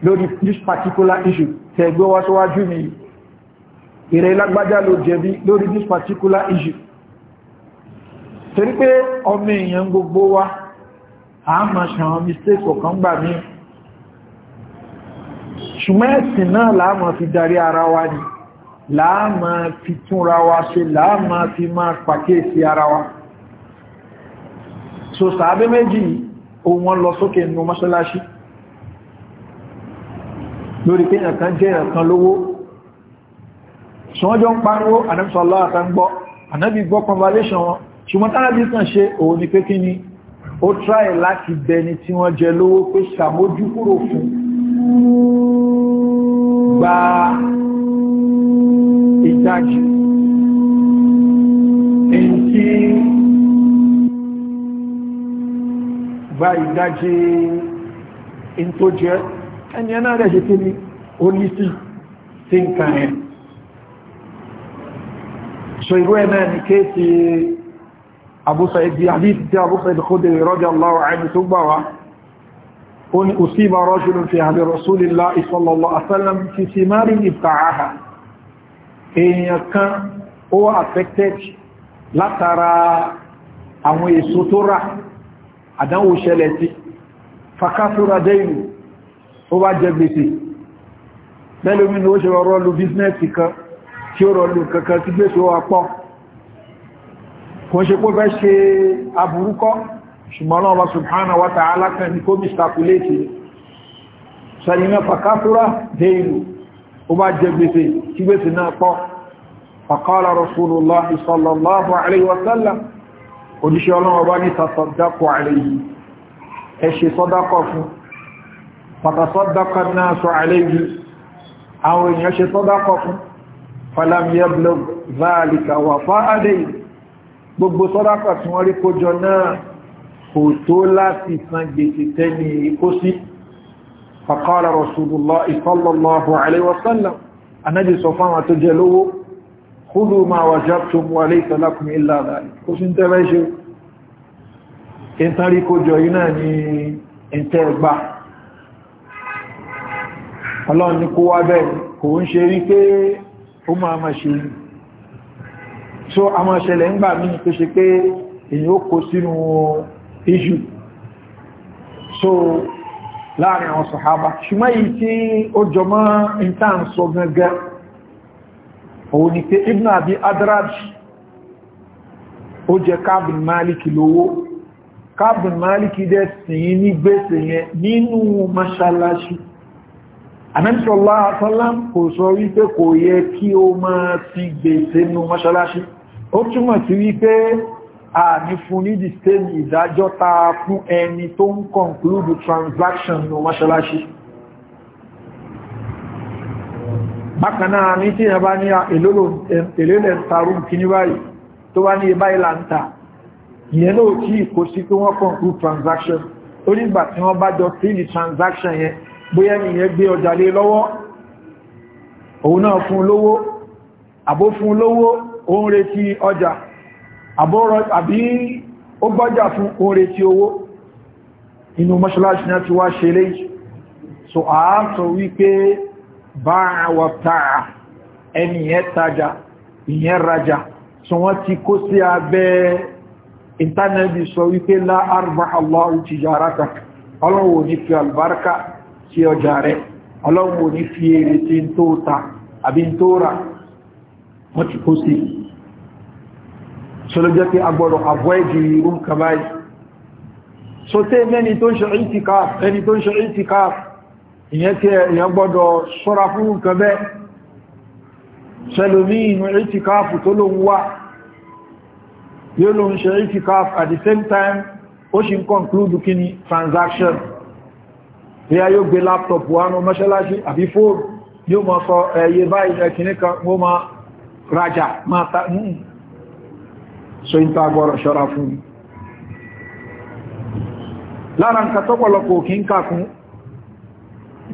lórí this particular issue tẹ̀gbọ́ wá síwájú mi ìrẹ̀ lágbájá ló jẹ̀bi particular issue torí pé ọmọ èèyàn gbogbo àmà ṣàwọn mistake kọ̀kan gbà mí ṣùgbọ́n ẹ̀sìn náà láàmà fi darí ara wa ni láàmà fi túnra wa ṣe láàmà fi máa pàkíyèsí ara wa so sàábé méjì ohun wọn lọ sókè nínú mọ́ṣáláṣí lórí pé ẹ̀kan jẹ́ ẹ̀kan lówó ṣùgbọ́n jọ ń pariwo anẹ́bìsọ̀lọ́ àtàgbọ́ anẹ́bì gbọ́ convalation wọn ṣùgbọ́n tánàbì sàn ṣe òun ni pé kí ni ó tráì láti bẹni tí wọ́n jẹ lówó pé ṣàmójúkúrò fún gba ìdájì èyí tí gba ìdájì in tó jẹ́ ẹni ẹ̀nà rẹ̀ ṣe kí ni ó ní sí tí nǹkan ẹ̀ so irú ẹ̀ náà ni Abu Sa'id di hadith tí Abu Sa'id Khudri radiyallahu anhu tó gbà wá ó ní usiba rajulun fi ahli Rasulillahi sallallahu alaihi wasallam fi simari ibta'aha èèyàn kan ó wà affected látara àwọn èso tó rà àdánwò ṣẹlẹ̀ sí fakásúra dẹ́yìn ó bá jẹ gbèsè lẹ́lómínú kò ṣe pé fẹ́ ṣe aburúkọ́ ṣùgbọ́n Allah subhanahu wa ta'ala kan ní kó miscalculate sẹ́yìn náà fàkásúrà dé ìlú ó bá jẹ gbèsè tí gbèsè náà pọ̀ faqala rasulullah sallallahu alayhi wa sallam òjíṣẹ́ ọlọ́run ọba ní tasaddaqu alayhi ẹ ṣe gbogbo sọ́dápà tí wọ́n rí kójọ náà kò tó láti san gbèsè tẹ́ni ikó sí fàkọ́rọ̀ rasulullah sallallahu alaihi wasallam anájì sọ fáwọn tó jẹ lówó kúrò ma wà jáptò mú alẹ́ ìtàlákùn ilá àdáyé kó sí ń so àwọn ìṣẹ̀lẹ̀ ńgbà mí tó ṣe pé èyí ó kó sínú iṣu so láàrin àwọn sọ̀hábà ṣùgbọ́n yìí tí ó jọmọ́ intan sọ gangan òun ni pé ibn abi adraj ó jẹ káàbùn máàlìkì lówó káàbùn máàlìkì dẹ̀ sìn ní gbèsè yẹn nínú mọ́ṣálásí àmẹ́sọ̀lá àtọ́lá kò sọ wípé kò yẹ kí ó máa ti gbèsè nínú mọ́ṣálásí ó túmọ̀ sí wípé a ní fún ní the same ìdájọ́ ta fún ẹni tó ń conclude transaction ní mọ́ṣálásí bákanáà ní tí ẹ bá ní èlélẹ̀ tarún kì ní báyìí tó bá ní ibá ìlàntà ìyẹn náà tí kò sí pé wọ́n conclude transaction ó nígbà tí wọ́n bá jọ sí ní transaction yẹn bóyá nìyẹn gbé ọjà lé lọ́wọ́ òun náà fún lówó àbó fún lówó òun retí ọjà àbí ó gbọ́jà fún òun retí owó inú mọ́ṣálásí náà ti wá ṣe léyìí so a sọ wípé bá àwọn tàà ẹni yẹn tajà ìyẹn rajà so wọ́n ti kó sí abẹ́ ìntánẹ́bì sọ wípé láàrùbá Allahu tijarata ọlọ́wọ̀ ní fi albarka sí ọjà rẹ̀ ọlọ́wọ̀ ní fi èrè tí ń tó ta àbí ń tó ra wọ́n ti kó sí so ló jẹ́ pé agbọ́dọ̀ avoid irú nǹkan báyìí so tẹ́ mẹ́ni tó ń ṣe itikaf ẹni tó ń ṣe itikaf ìyẹn tí èyàn gbọ́dọ̀ ṣọ́ra fún nǹkan bẹ́ẹ̀ ṣẹlòmí inú itikaf tó ló ń wá yóò ló ń ṣe itikaf at the same time ó ṣe ń conclude kí ni transaction bí a yóò gbé laptop wánú mọ́ṣáláṣí àbí fóònù yóò mọ́ sọ ẹ̀yẹ báyìí ẹ̀kìnníkan wọ́n máa Raja mata ta hmm. so in ta gbọ́rọ̀ ṣọ́ra fún lára nǹkan tọ́pọ̀lọpọ̀ kí ń kà fún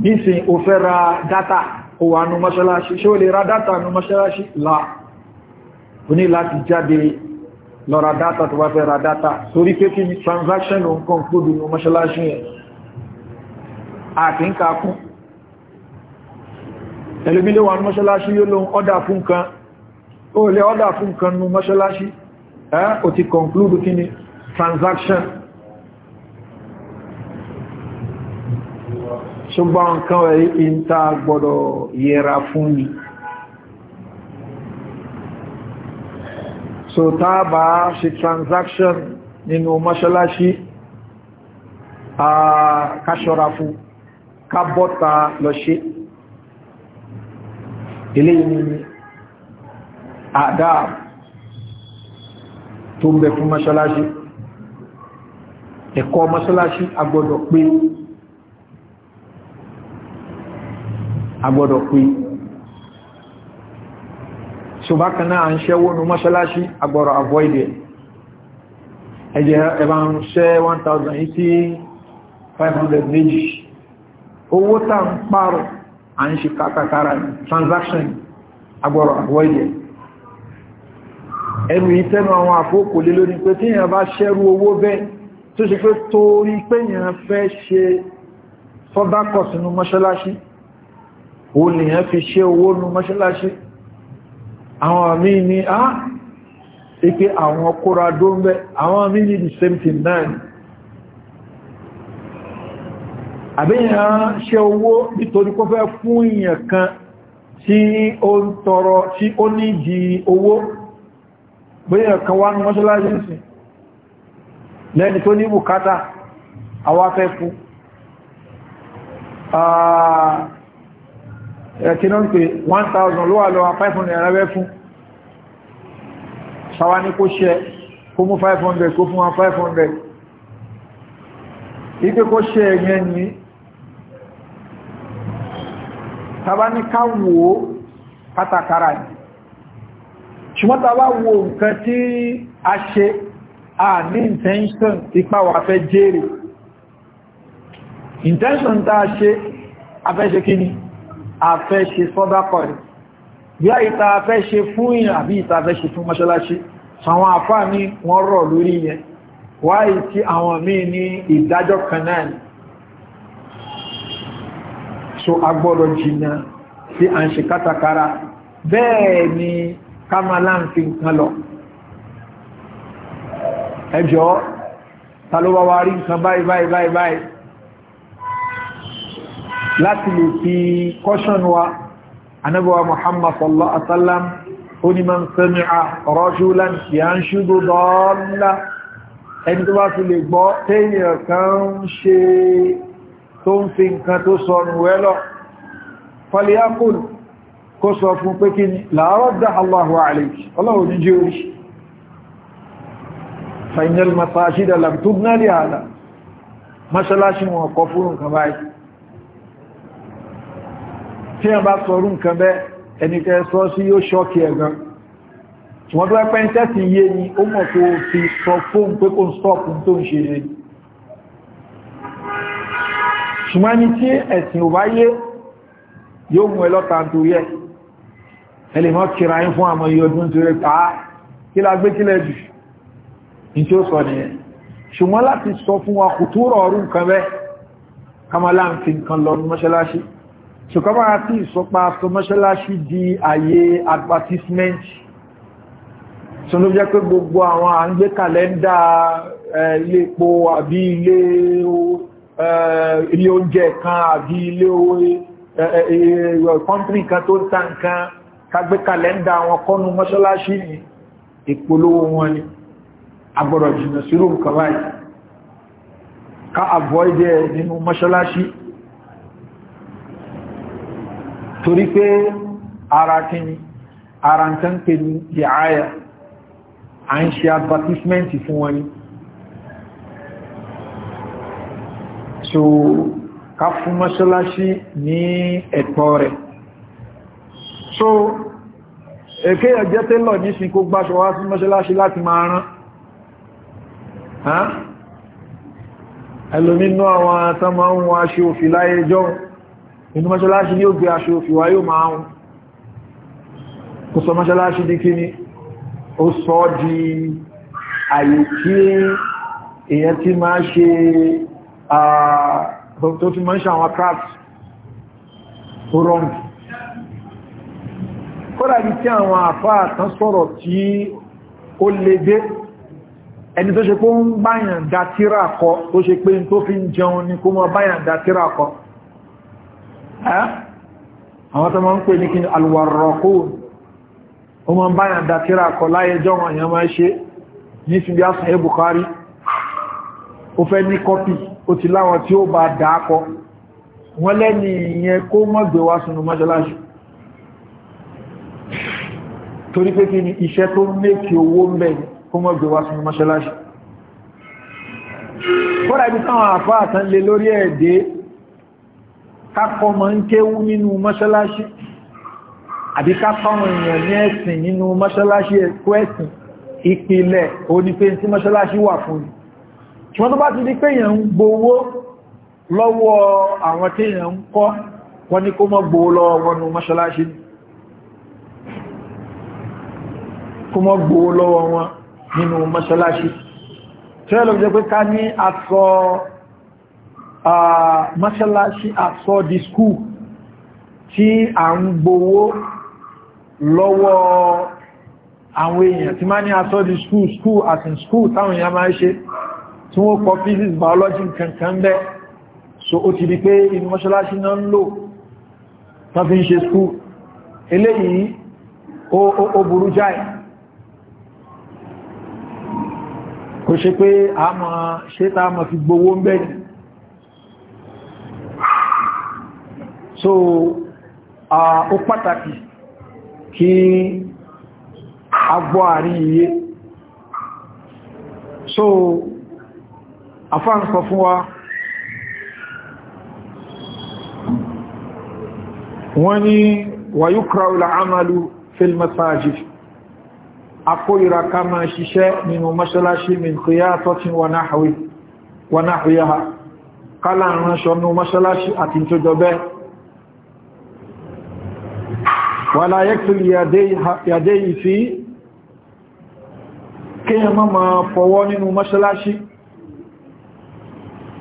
nísìn o fẹ́ ra dátà o wà nù mọ́ṣálásí ṣe o lè ra dátà nù mọ́ṣálásí la o ní láti ra dátà tó ra dátà torí pé kí transaction o nǹkan kúrò nù mọ́ṣálásí yẹn àti ń kà fún ẹlòmílẹ̀ wà nù mọ́ṣálásí yóò lóhun ọ́dà fún kan ó lè ọ́dà fún kan nú mọ́ṣálásí ó ti conclude kí ni transaction ṣùgbọ́n nǹkan rẹ̀ ìta gbọ́dọ̀ yẹra fún ni so tá bá ṣe transaction nínú mọ́ṣálásí a káṣọ́ra fún ká bọ́ta lọ ṣe ilé ìrìnlẹ̀ àdáà tó ń bẹ fún mọ́ṣáláṣí ẹ̀kọ́ mọ́ṣáláṣí agbọ́dọ̀ pé agbọ́dọ̀ pé so bákan náà ń ṣẹ́wó ní mọ́ṣáláṣí agbọ́dọ̀ avoid it ẹjẹ́ ẹ̀bá ń ṣẹ́ 1000 500 méjì owó tá ń pààrọ̀ à ń ṣe transaction agbọ́dọ̀ avoid it ẹnu ìtẹ́nu àwọn àkókò lé lórí pé tí èyàn bá ṣẹ́rú owó bẹ́ẹ̀ tó ṣe pé torí pé èyàn fẹ́ ṣe sọ́dákọ̀ sínú mọ́ṣáláṣí o lè yàn fi ṣe owó nú mọ́ṣáláṣí àwọn àmì ní á ipé àwọn kóra dó àwọn àmì ní the same thing náà ni àbíyàn ṣe owó nítorí kó fẹ́ fún èyàn kan tí ó ń tọrọ tí ó ní di owó bóyẹ̀ kan wá ní mọ́ṣálásí sí lẹ́ni tó ní bùkátà awáfẹ́ fún ẹ̀kìnà ń pè 1000 ló wà lọ 500 ẹ̀rẹ́wẹ́ fún sáwá ní kó ṣẹ kó mú 500 kó fún wa 500 ipé kó ṣẹ ẹ̀yẹn ní tàbá ní káwòó pátákárà ní ṣùgbọ́n ta bá wo nǹkan tí a ṣe a ní intention ipa wà fẹ́ jèrè intention ta ṣe afẹ́ ṣe kí ni afẹ́ ṣe sọ́dápọ̀ rẹ̀ yá ìta afẹ́ ṣe fún ìyàn àbí ìta afẹ́ ṣe fún mọ́ṣálásí àwọn àfá ní wọ́n rọ̀ lórí yẹn wáyìí tí àwọn míì ní ìdájọ́ kan náà ni so agbọ́dọ̀ jìnnà sí à ń ṣe kátàkárà bẹ́ẹ̀ ni ká máa láǹfin nǹkan lọ ẹjọ́ ta ló wá wá rí nǹkan báyìí báyìí báyìí báyìí láti lè fi kọ́ṣọ́n wa anábọ̀wá muhammad sallallahu alaihi wasallam ó ní máa ń sẹ́mi à rajulan yanshudu dalla ẹni tó bá fi lè gbọ́ téèyàn kan ṣe tó ń fi nǹkan tó sọnù wẹ́lọ̀ falyaqul kó sọ fún pé kí ni láàrọ́dá Allahu alayhi ọlọ́run ní jẹ́ orí fainal masajida lamtubna li hada mọ́ṣálásí wọn kọ fún nǹkan báyìí tí wọ́n bá sọ rún nǹkan bẹ́ ẹnikẹ́ sọ sí yóò ṣọ́kì ẹ̀gan wọ́n tó ẹpẹ́ tẹ́sì yé ni ó mọ̀ tó fi sọ fóun pé kó ń stọ́pù tó ń ṣe ṣe ṣùgbọ́n ni tí ẹ̀sìn ò bá yé yóò mú ẹlọ́ta nítorí ẹ̀ ẹlẹ́ mọ́ kíra yín fún àmọ́ iye ọdún torí pa á kí la gbé kílẹ̀ jù ní tí ó sọ nìyẹn ṣùgbọ́n láti sọ fún wa kò tó rọrù nǹkan bẹ́ kamala ń fi nǹkan lọ ní mọ́ṣáláṣí ṣùgbọ́n bá ti ìsọpa sọ mọ́ṣáláṣí di àyè advertisement kágbé kalẹ́ndà wọn kọ́nu mọ́ṣọ́láṣí ní ìpolówó wọn ni agbọ̀rọ̀ jùnà sírò nǹkan báyìí ká àbọ̀ẹ́dẹ̀ nínú mọ́ṣọ́láṣí torí pé ara kí ni ara ń tán pè ní ìhàyà à ń ṣe advertisement fún wọn ni so ká fún mọ́ṣọ́láṣí ní ẹ̀tọ́ rẹ̀ so èké ẹ̀jẹ́ tẹ́lọ̀ ní sí kó gbáṣọ wá sí mọ́ṣáláṣí láti máa rán ẹlòmínú àwọn tánmà ń wọn aṣọ òfì láyé jọ inú mọ́ṣáláṣí ní ó gbé aṣọ òfì wá yóò máa hùn kò sọ mọ́ṣáláṣí di kíní ó sọ di àyè tí èyàn tí máa ṣe tó tí máa ń ṣe àwọn craft tó rọrùn kọ́dà bí tí àwọn àfáà kan sọ̀rọ̀ tí ó lè dé ẹni tó ṣe pé ń báyàn dá tíra kọ tó ṣe pé tó fi ń jẹun ní kó mọ báyàn dá tíra kọ àwọn tó máa ń pè ní kí alwàrọ̀kú o máa báyàn dá tíra kọ láyé jọ torí pé kí ni iṣẹ́ tó mẹ́kì owó ń bẹ̀ kó mọ́ gbé wá sí mọ́ṣáláṣí kọ́ra ibi táwọn àfá àtàn lè lórí ẹ̀dẹ́ kákọ́ mọ́ ń kéwú nínú mọ́ṣáláṣí àbí kákọ́ èèyàn ní ẹ̀sìn nínú mọ́ṣáláṣí ẹ̀kọ́ ẹ̀sìn ìpìlẹ̀ onípe tí mọ́ṣáláṣí wà fún ni ṣùgbọ́n tó bá ti di pé èèyàn ń gbowó lọ́wọ́ àwọn tí èèyàn ń kó mọ́ gbówó lọ́wọ́ wọn nínú mọ́ṣálásí tẹ́lọ jẹ́ pé ká ní àsọ mọ́ṣálásí àsọ di skúù tí à ń gbówó lọ́wọ́ àwọn èèyàn tí máa ní àsọ di skúù skúù àti skúù táwọn èèyàn máa ń ṣe tí wọ́n kọ physics biology kankan bẹ́ so ó ti di pé inú mọ́ṣálásí náà ń lò tán fi ń ṣe skúù eléyìí ó burú jáì kò ṣe pé a mọ̀ ṣe tá mọ̀ fi gbowó ń bẹ̀rẹ̀ so ó pàtàkì kí a gbọ́ àárín iye so afáǹsọ fún wa wọ́n ni wàyúkra ìlà amalu fil masajid akóyìra ká máa ṣiṣẹ́ nínú mọ́ṣálásí min qiyatatin wa nahwiha kálà ránṣọ́ nínú mọ́ṣálásí àti tó jọ bẹ́ẹ̀ wala yaktul yadayhi fi kíyàn má máa fọwọ́ nínú mọ́ṣálásí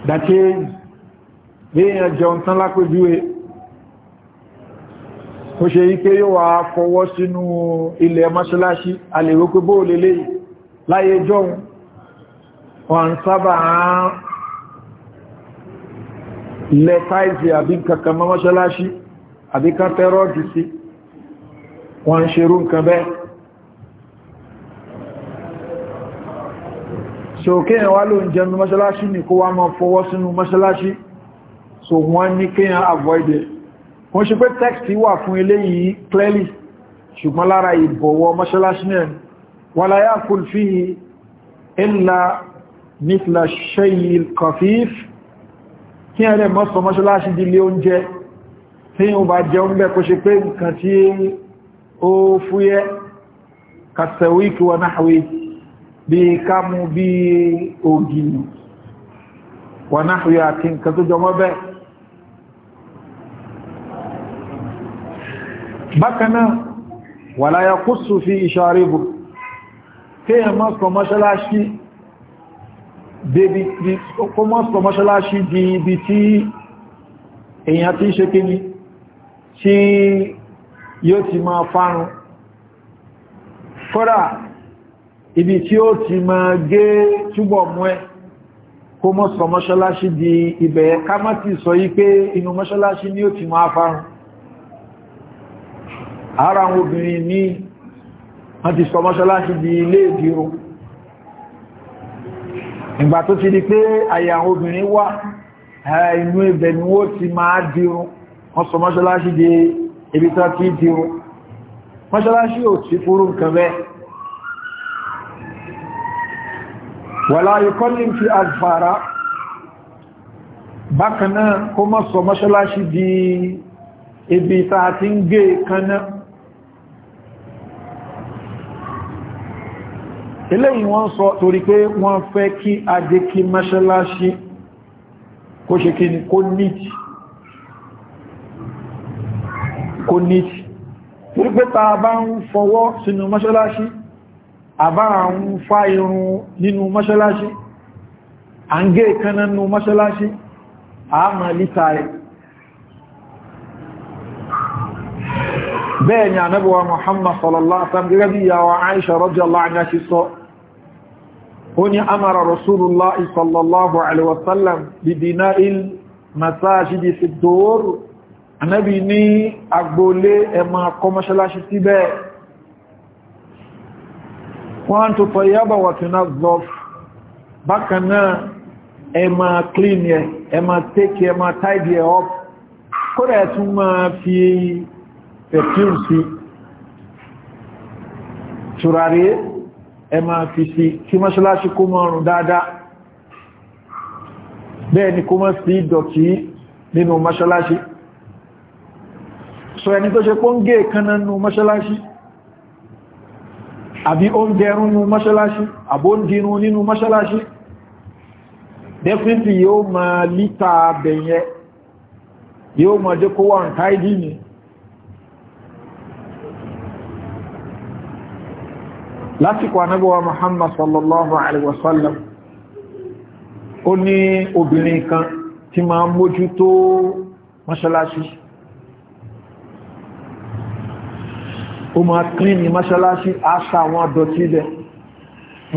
dàtí bí èèyàn jẹun tán tó ṣe yí pé yóò wá fọwọ́ sínú ilẹ̀ mọ́ṣáláṣí alèrò pé bóò lè lè láyé jọun wọ́n sábà lẹ táìsì àbí kankan mọ́ mọ́ṣáláṣí àbí kan tẹ́rọ́dì sí wọ́n ṣerú nǹkan bẹ́ẹ̀ so kíyàn wá ló ń jẹun mọ́ṣáláṣí ní kó wá mọ́ fọwọ́ sínú mọ́ṣáláṣí so wọ́n ní kíyàn avoid it wọ́n ṣe pé tẹ́kìtì wà fún eléyìí clearly ṣùgbọ́n lára ìbọ̀wọ̀ mọ́ṣálásí náà wà láyá kùl fi ilá nífìlà ṣẹ́yì kọfíf kí ẹ̀rẹ́ mọ́sọ mọ́ṣálásí di ilé oúnjẹ tí ó bá jẹ oúnjẹ kó ṣe pé nǹkan tí ó fúyẹ́ kàtẹ̀wíkì wà náàwé bí kámú bí ògì wà náàwé àti nǹkan tó jọmọ́ bẹ́ẹ̀ bákanáà wà láyá kó sù fi ìṣàríbù tí yẹn mọ́ sọ mọ́ṣálásí di ibi tí èyàn ti ṣe kíní tí yóò ti máa fárun kọ́dà ibi tí ó ti máa gé túbọ̀ mú ẹ kó mọ́ sọ mọ́ṣálásí di ibẹ̀ ká má ti sọ yí pé inú mọ́ṣálásí ni ó ti máa fárun ara àwọn obìnrin ní wọ́n ti sọ mọ́ṣáláṣí di ilé ìdírò ìgbà tó ti di pé àyà àwọn obìnrin wà inú ibẹ̀ ni ó ti máa dírò wọ́n sọ di ibi tó ti dírò mọ́ṣáláṣí ò ti fúrú nǹkan bẹ́ wàlá yíkọ́lì fi alfàra bákanáà kó mọ́ sọ di ibi tá ti ń gé kanáà eléyìn wọ́n sọ torí pé wọ́n fẹ́ kí adé kí mọ́ṣáláṣí kó ṣe kí ní kó níjì kó níjì torí pé ta bá ń fọwọ́ sínú mọ́ṣáláṣí àbá ń fá irun nínú mọ́ṣáláṣí à ń gé ìkaná nínú mọ́ṣáláṣí àmà lítà rẹ̀ bẹ́ẹ̀ ni ànábọ̀wà Muhammad sallallahu alaihi bí ìyàwó Aisha radiyallahu anha ti sọ ó ní amara rasulullah sallallahu alaihi wasallam bi bina'il masajidi fi dur anabi ní agboolé ẹ máa kọ́ mọ́ṣáláṣí síbẹ̀ wọ́n tó tọ́ yába wà tí náà zọf bákan náà ẹ máa clean yẹ ẹ máa take ẹ máa tidy up kódà ẹ fi perfume sí turare ẹ máa fi sí kí mọ́ṣáláṣí kó mọ́ ọrùn dáadáa bẹ́ẹ̀ ni kó mọ́ sí ìdọ̀tí nínú mọ́ṣáláṣí sọ ẹni tó ṣe pọ́ ń gé ìkánná nínú mọ́ṣáláṣí àbí ó ń gẹrun nínú nínú mọ́ṣáláṣí definitely yóò máa lítà abẹ̀yẹ yóò máa jẹ́ kó wà ń táìdì nìí lásìkò anábọ̀wà muhammad sallallahu alaihi wasallam ó ní obìnrin kan tí máa mójú tó mọ́ṣálásí ó máa clean ní mọ́ṣálásí aṣà àwọn àdọ̀tí ilẹ̀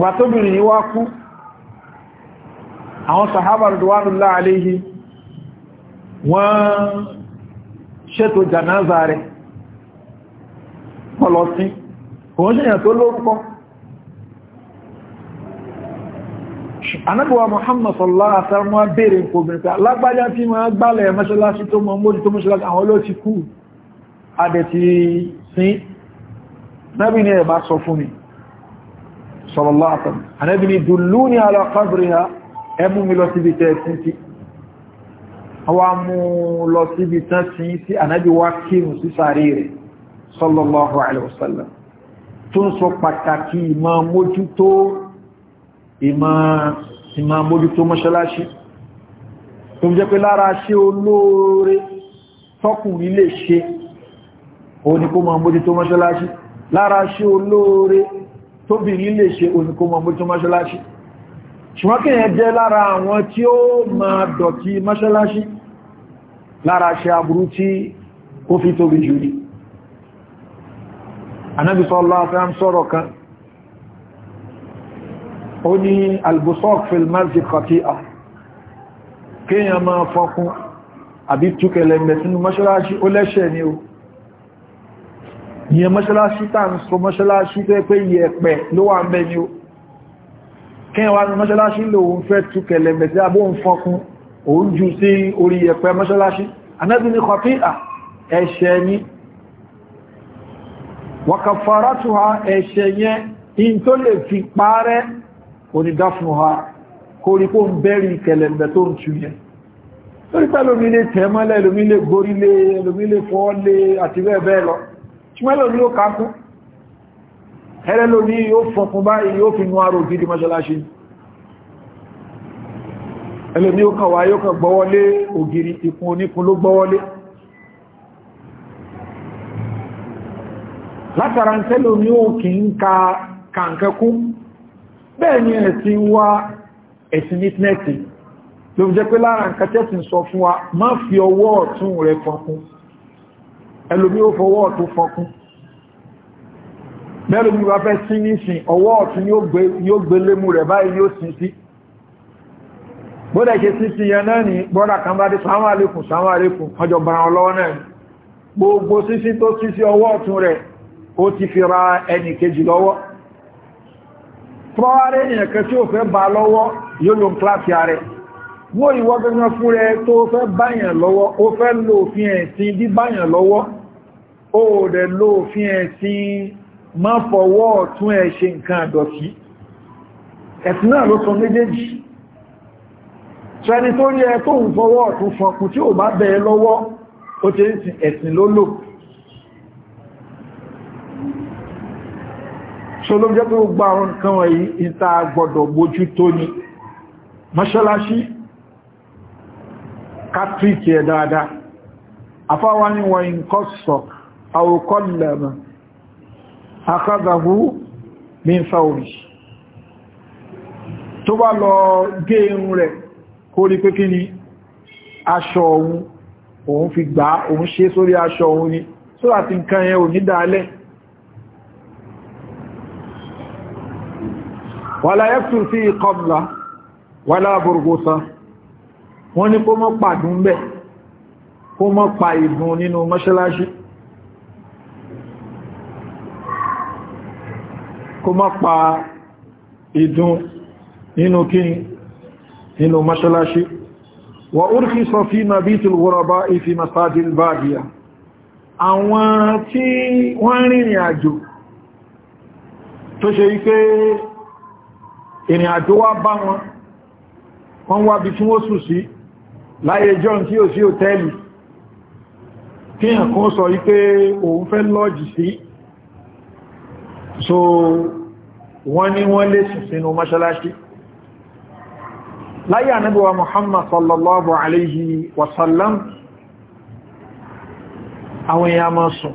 wà tóbìnrin yíwá kú àwọn sahaba rudwanullah alayhi wọ́n ṣètò janaza rẹ̀ pọ̀lọ̀sí òun ṣèyàn tó lórúkọ anábíwá Muhammad sallallahu alaihi wasallam wọ́n bèèrè nǹkan obìnrin pé alágbájá tí ma gbálẹ̀ mọ́ṣálásí tó mọ́ mójú tó mọ́ṣálásí àwọn olóò ti kú adẹ̀ ti sín nábi ní ẹ̀bá sọ fún mi sallallahu alaihi wasallam anábi ní dulluni ala qabriha ẹmú mi lọ síbi tẹ́ sí sí wá mú lọ síbi tẹ́ sí sí anábi wá kírun sọ pàtàkì ìmọ̀ mójútó ìmá mójútó mọ́ṣáláṣí tó jẹ́ pé lára ṣe olóore tọ́kùnrin lè ṣe òun ni kó máa mójútó mọ́ṣáláṣí lára ṣe olóore tóbìnrin lè ṣe òun ni kó máa mójútó mọ́ṣáláṣí ṣùgbọ́n kí yẹn jẹ́ lára àwọn tí ó máa dọ̀tí mọ́ṣáláṣí lára ṣe aburú tí ó fi tóbi jù ní anábìsọ́lá fẹ́ sọ̀rọ̀ kan ó ní albusok filmarji kọtíà kíyàn máa fọkún àbí túkẹlẹ̀ mẹ́sínú mọ́ṣálásí ó lẹ́ṣẹ̀ ni ó ìyẹn mọ́ṣálásí tàà ń sọ mọ́ṣálásí tẹ́ pé yẹ̀pẹ̀ ló wà ń bẹ ni ó kíyàn wá ní mọ́ṣálásí lòun fẹ́ túkẹlẹ̀ mẹ́sí sí in tó lè fi pàárẹ́ onídáfúnha kó rí kó ń bẹ́rí kẹlẹ̀mbẹ̀ tó ń tu yẹn lórí pẹ́ lómi lè tẹ̀ mọ́lẹ̀ lómi lè gorí lé lómi lè fọ́ lé àti bẹ́ẹ̀ bẹ́ẹ̀ lọ ṣùgbọ́n lómi ló kákún ẹ̀rẹ́ lómi yóò fọkún báyìí yóò fi nu arò gidi mọ́ṣáláṣí ẹlòmí ó kàn yóò kàn gbọ́wọ́lé ògiri ìkun oníkun ló gbọ́wọ́lé látara ń tẹ́lómi ó kì ń ka kàǹkẹ́kún bẹ́ẹ̀ ni ẹ̀sìn wa ẹ̀sìn nítínẹ́tì ló jẹ́ pé lára nǹkan tẹ́sìn sọ fún wa má fi ọwọ́ ọ̀tún rẹ fọkún ẹlòmí ó fọwọ́ ọ̀tún fọkún bẹ́ẹ̀lòmí wá fẹ́ sí nísìn ọwọ́ ọ̀tún yóò gbé lémú rẹ̀ báyìí yóò sí sí bódẹ̀ ni bọ́dà kan bá dé sáwọn àlékùn sáwọn àlékùn ọjọ́ bá wọn lọ́wọ́ náà gbogbo sísí tó sísí ọwọ́ tọ́wárẹ́ ènìyàn kan tí ó fẹ́ bá lọ́wọ́ yóò ló ń kíláàsì ààrẹ wọ́n ìwọ́ gẹ́gẹ́ fún rẹ tó fẹ́ báyàn lọ́wọ́ ó fẹ́ lo òfin ẹ̀sìn bí báyàn lọ́wọ́ ó rẹ̀ lo òfin ẹ̀sìn má fọwọ́ tún ẹ̀ ṣe nǹkan àdọ̀tí ẹ̀sìn náà ló sọ méjèèjì sẹ́ni tó rí ẹ tó fọwọ́ tún fọkùn tí ò bá bẹ̀ẹ́ lọ́wọ́ ó ti ń sin ẹ̀sìn lólò so ló jẹ́ pé ó gba àwọn nǹkan wọ̀nyí ìta gbọ́dọ̀ bójú tó ní mọ́ṣálásí kátríkì ẹ̀ dáadáa afáwa ni wọ́n nǹkọ́ sọ àwòkọ́ lẹ̀mọ̀ akádàbú min sauri tó bá lọ gé ni aṣọ òun òun ni só wàlá yẹ́kùn sí ìkọbla wàlá burgusa wọ́n ní kó mọ́ pàdún bẹ́ kó mọ́ pa ìdùn nínú mọ́ṣálásí kó mọ́ pa ìdùn nínú kíni nínú mọ́ṣálásí wà úrkì sọ fí mabitul ghuraba ìfì masajil àwọn tí wọ́n rìnrìn àjò tó ṣe wípé ìrìn àjò wá bá wọn wọ́n wá bí tí wọ́n sùn sí láyé john tí ò sí òtẹ́ẹ̀lì kí hàn kún sọ wípé òun fẹ́ lọ́jì sí so wọ́n ní wọ́n lè sùn sínú mọ́ṣálásí láyé ànábíwa muhammad sallallahu alayhi wasallam àwọn èèyàn máa sùn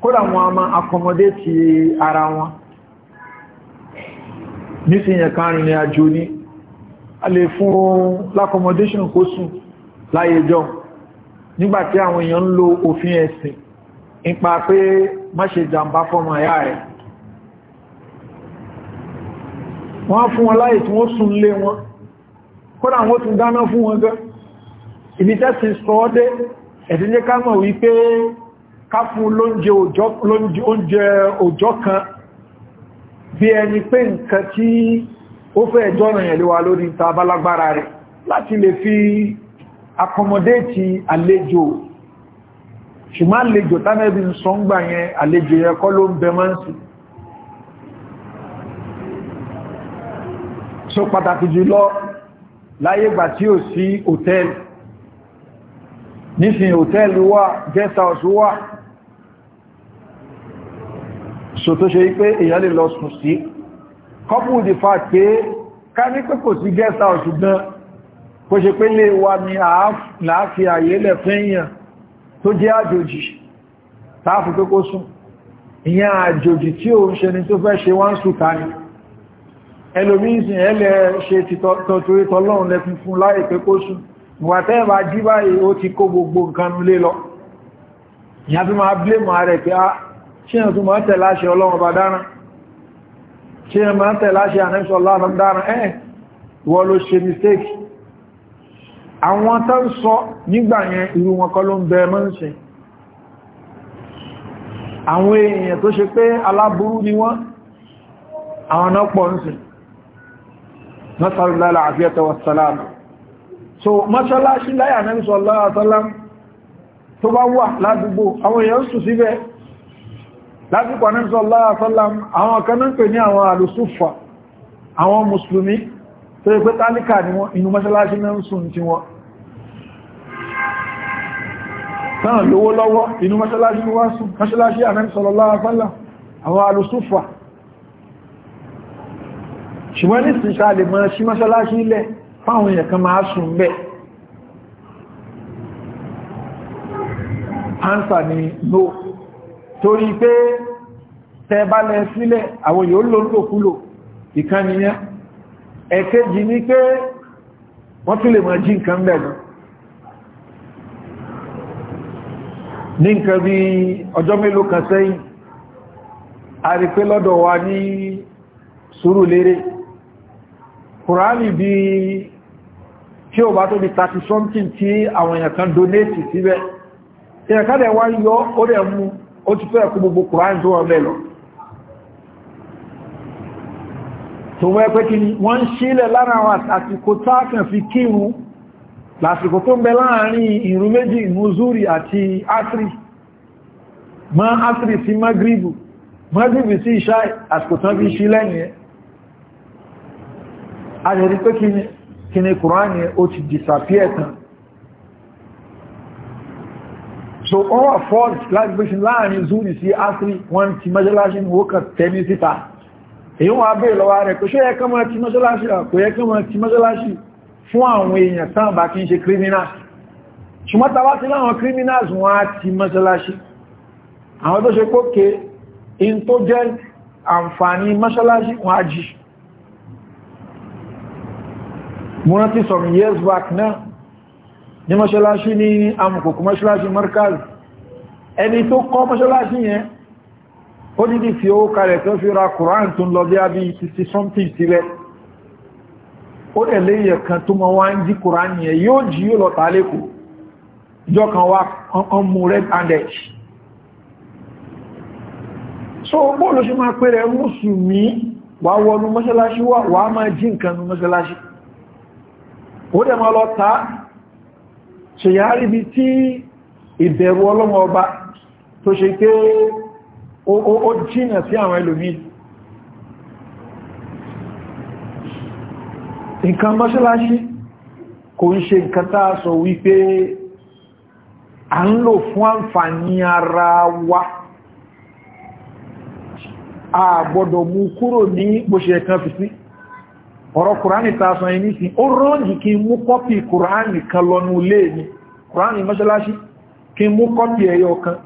kódà wọn a máa accommodate ara wọn nísìnyàn kan rìnrìn àjò ní a lè fún l'accommodation kó sùn láyé jọ nígbàtí àwọn èèyàn ń lo òfin ẹ̀sìn nípa pé má ṣe jàmbá fọ́mọ ẹ̀yà rẹ̀ wọ́n fún wọn láyé tí wọ́n sùn lé wọn kódà wọ́n tún dáná fún wọn gan ibi tẹ́sì sọ ọ́ dé ẹ̀dínlẹ́ká mọ̀ wípé ká fún lóúnjẹ òjọ́ kan bí ẹni pé nǹkan tí ó fẹ́ jọ́nà yẹn lé wa lórí ta abálágbára rẹ̀ láti lè fi akọmọdéètì àlejò ṣùgbọ́n àlejò tánẹ́bí ń sọ ń gbà yẹn àlejò yẹn kọ́ ló ń bẹ máa ń so pàtàkì jùlọ láyé tí ò sí hòtẹ́ẹ̀lì nísìnyí hòtẹ́ẹ̀lì wà guest house wà so tó ṣe wípé èyàn lè lọ sùn sí couple with the fact pé ká ní pé kò sí guest house ṣùgbọ́n kó ṣe pé lè wà ní àáfi àyè lẹ̀ fún èèyàn tó jẹ́ àjòjì táàfù pé kó sùn ìyẹn àjòjì tí ó ń ṣe ni tó fẹ́ ṣe wá ń sùta ni ẹlòmíìsìn ẹlẹ́ ṣe tọ̀tọ̀rí tọ́lọ́run lẹ́fún fún láì pé kó sùn ìwàtẹ́ẹ̀bà jí báyìí ó ti kó gbogbo nǹkan lé lọ ìyàfí máa blé máa rẹ̀ pé ah, ṣe yàn tó máa tẹ̀lá ṣe ọlọ́run bá dára ṣe yàn máa tẹ̀lá ṣe ànẹ́sọ ọlọ́run dára ẹ́ wọ́n ló ṣe mistake àwọn tó ń sọ nígbà yẹn irú wọn kọ́ ló ń bẹ mọ́ ṣe àwọn èèyàn tó ṣe pé aláburú ni wọ́n àwọn náà pọ̀ ń sìn nasarullala afiyata wasalam so mọ́ṣálásí láyà náà sọ lọ́wọ́ tó bá wà ládùúgbò àwọn èèyàn sùn síbẹ̀ lásìkò anẹ́sọ́ láàásọ́lám àwọn kan náà pè ní àwọn àlùsúfà àwọn mùsùlùmí tó yẹ pé tálíkà ní wọn inú mọ́ṣálásí náà ń sùn tí wọn náà lówó lọ́wọ́ inú mọ́ṣálásí wá sùn mọ́ṣálásí anẹ́sọ́ láàásọ́lám àwọn àlùsúfà ṣùgbọ́n ní sí ṣàlè mọ́ sí mọ́ṣálásí ilẹ̀ fáwọn èèyàn sùn bẹ́ ansa ni torí pé tẹ́bálẹ̀ sílẹ̀ àwọn yóò lò lòkúlò ìkànnìyàn ẹ̀kẹ́jì ní pé wọ́n tún lè máa jí nǹkan bẹ̀rẹ̀ ní nǹkan bí ọjọ́ mélòó kan sẹ́yìn a rí pé lọ́dọ̀ wa ní sùúrù lérè kùránì bí tí ó bá tó bí 30 something tí àwọn èèyàn kan donate síbẹ̀ èèyàn kan wá yọ ó dẹ̀ mú ó ti fẹ́ kú gbogbo kùrán tó wọ́n mẹ́lọ tó wọ́n pẹ́ kí ni wọ́n ń sílẹ̀ lára àwọn àsìkò tákàn fi kírun lásìkò tó ń bẹ láàrin ìrun méjì muzuri àti asri ma asri sí magribu magribu sí ìṣá àsìkò tán fi sí lẹ́yìn ẹ́ a lè rí pé kí ni kùrán yẹn ó ti disappear tán so ó wà fọ́ọ̀lì láti gbé ṣe láàrin zuri sí asiri wọ́n ti mọ́ṣáláṣí ní wókà tẹ́lí síta èyí wọ́n abẹ́ ìlọ́wà rẹ̀ kò ṣe ẹ̀kọ́ mọ́ ti mọ́ṣáláṣí kò yẹ kí wọ́n ti mọ́ṣáláṣí fún àwọn èèyàn tán bá kí ń ṣe criminals ṣùgbọ́n tàbá ti láwọn criminals wọ́n á ti mọ́ṣáláṣí àwọn tó ṣe kókè in tó jẹ́ àǹfààní mọ́ṣáláṣí wọ́n á jì mo rántí some years back náà ní mọ́ṣọ́láṣí ní amùkùnkùn mọ́ṣọ́láṣí markaz ẹni tó kọ́ mọ́ṣọ́láṣí yẹn ó nídi fi ó kalẹ̀ tó fi ra Quran tó ń lọ bí abí títí something sílẹ̀ ó dẹ̀ léyẹ̀ kan tó mọ́ wá ń jí Quran yẹn yóò jí yóò lọ tàlékù ìjọ kan wá ọkàn mú red handed so bóòlù ṣe máa pẹ́rẹ̀ mùsùlùmí wà wọnú mọ́ṣọ́láṣí wà máa jí nǹkan nú mọ́ṣọ́láṣí ó dẹ̀ máa lọ tàá ṣèyàn á ríbi tí ìbẹ̀rù ọlọ́mọ ọba tó ṣe pé ó jìnà sí àwọn ẹlòmí nǹkan mọ́ṣáláṣí kò ń ṣe nǹkan tá sọ wípé a ń lò fún àǹfààní ara wa a gbọ́dọ̀ mú kúrò ní bó kan fi sí ọ̀rọ̀ kùránì ta sọ yìí nísìn ó rọ́njì kí mú kọ́pì kùránì kan lọ́nu ilé ni kùránì mọ́ṣálásí kí mú kọ́pì ẹyọ kan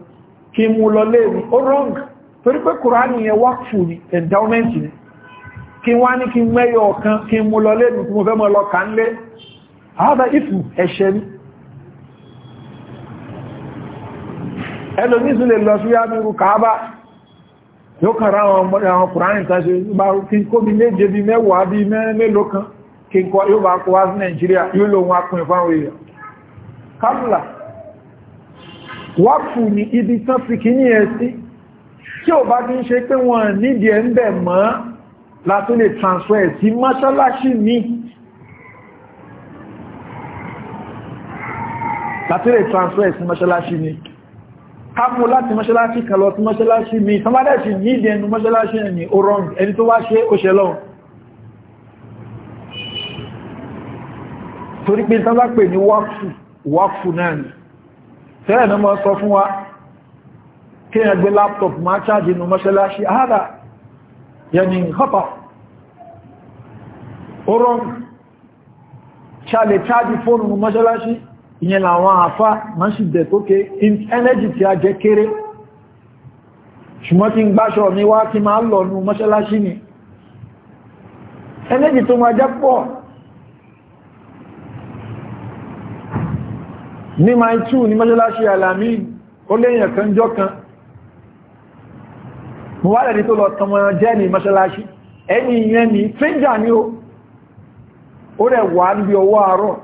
kí mú lọ lé mi ó rọ́ng torí pé kùránì yẹn wákfù ni endowment ni kí wá ní kí mẹ́yọ kan kí mú lọ lé mi tí mo fẹ́ mọ́ lọ kà ń lé àádọ́ ìfù ẹ̀ṣẹ̀ ni ẹlòmísùn lè lọ sí yá kàábà yóò kàrà àwọn kùránì tàṣe bá kí kó bí méje bí mẹ́wàá bí mẹ́lò kan kí n kọ yóò bá kó wá sí Nàìjíríà yóò lò wọn apin fáwọn èèyàn kábùlà wákù ní ibi tán fi kí ní ẹsí tí ò bá kí ń ṣe pé wọn nídìí ẹ̀ ń bẹ̀ mọ́ látó lè transfer ẹ̀ sí mọ́ṣáláṣí mi látó lè transfer ẹ̀ sí mọ́ṣáláṣí mi kápò láti mọ́ṣálásí kan tí mọ́ṣálásí mi sọmọ́dẹ̀ṣì ní ìdí ẹnu mọ́ṣálásí ẹni ó rọrùn ẹni tó wá ṣe ó ṣe lọ́wọ́ torí pé tán bá pè ní wákfù náà ni tẹ́rẹ̀ náà mọ́ sọ fún wa kí ẹ gbé láptọ̀pù máa ṣáàjì inú mọ́ṣálásí ààrà yẹni họ́pà ó rọrùn ṣàlẹ̀ ṣáàjì fóònù mọ́ṣálásí ìyẹn làwọn àfá ma ṣì dẹ̀ tókè energy tí a jẹ́ kéré ṣùgbọ́n tí ń gbáṣọ́ mi wá kí máa lọ nú mọ́ṣálásí ni energy tó máa jẹ́ pọ̀ ní máa tú ní mọ́ṣálásí alàmí ó léyìn ẹ̀kan jọ kan mo wá lẹ́ni tó lọ tọmọ jẹ́ ní mọ́ṣálásí ẹni ìyẹn ni stranger ni ó rẹ̀ wà níbi ọwọ́ àárọ̀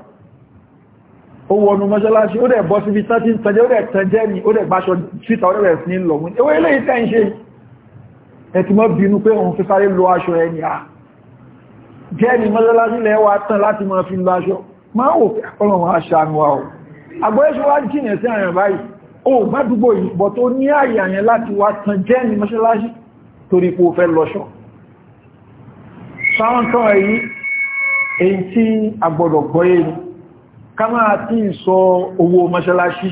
ó wọnú mọ́ṣálásí ó dẹ̀ bọ́ síbi tàbí tàjẹ́ ó dẹ̀ tàjẹ́ ní ó dẹ̀ gbáṣọ síta ó dẹ̀ sí lọ mún ewé ilé ìtẹ́ ń ṣe ẹ̀tùmọ́ bínú pé òun fi sáré lo aṣọ ẹni à jẹ́ ní mọ́ṣálásí wa tán láti máa fi lo aṣọ o agbóyẹ́ṣọ́ wá jìnà sí àyàn báyìí ó bá dúgbò yìí bọ̀ tó ní àyè èyí tí agbọ́dọ̀ gbọ́yé ká máa tí ì sọ owó mọ́ṣálásí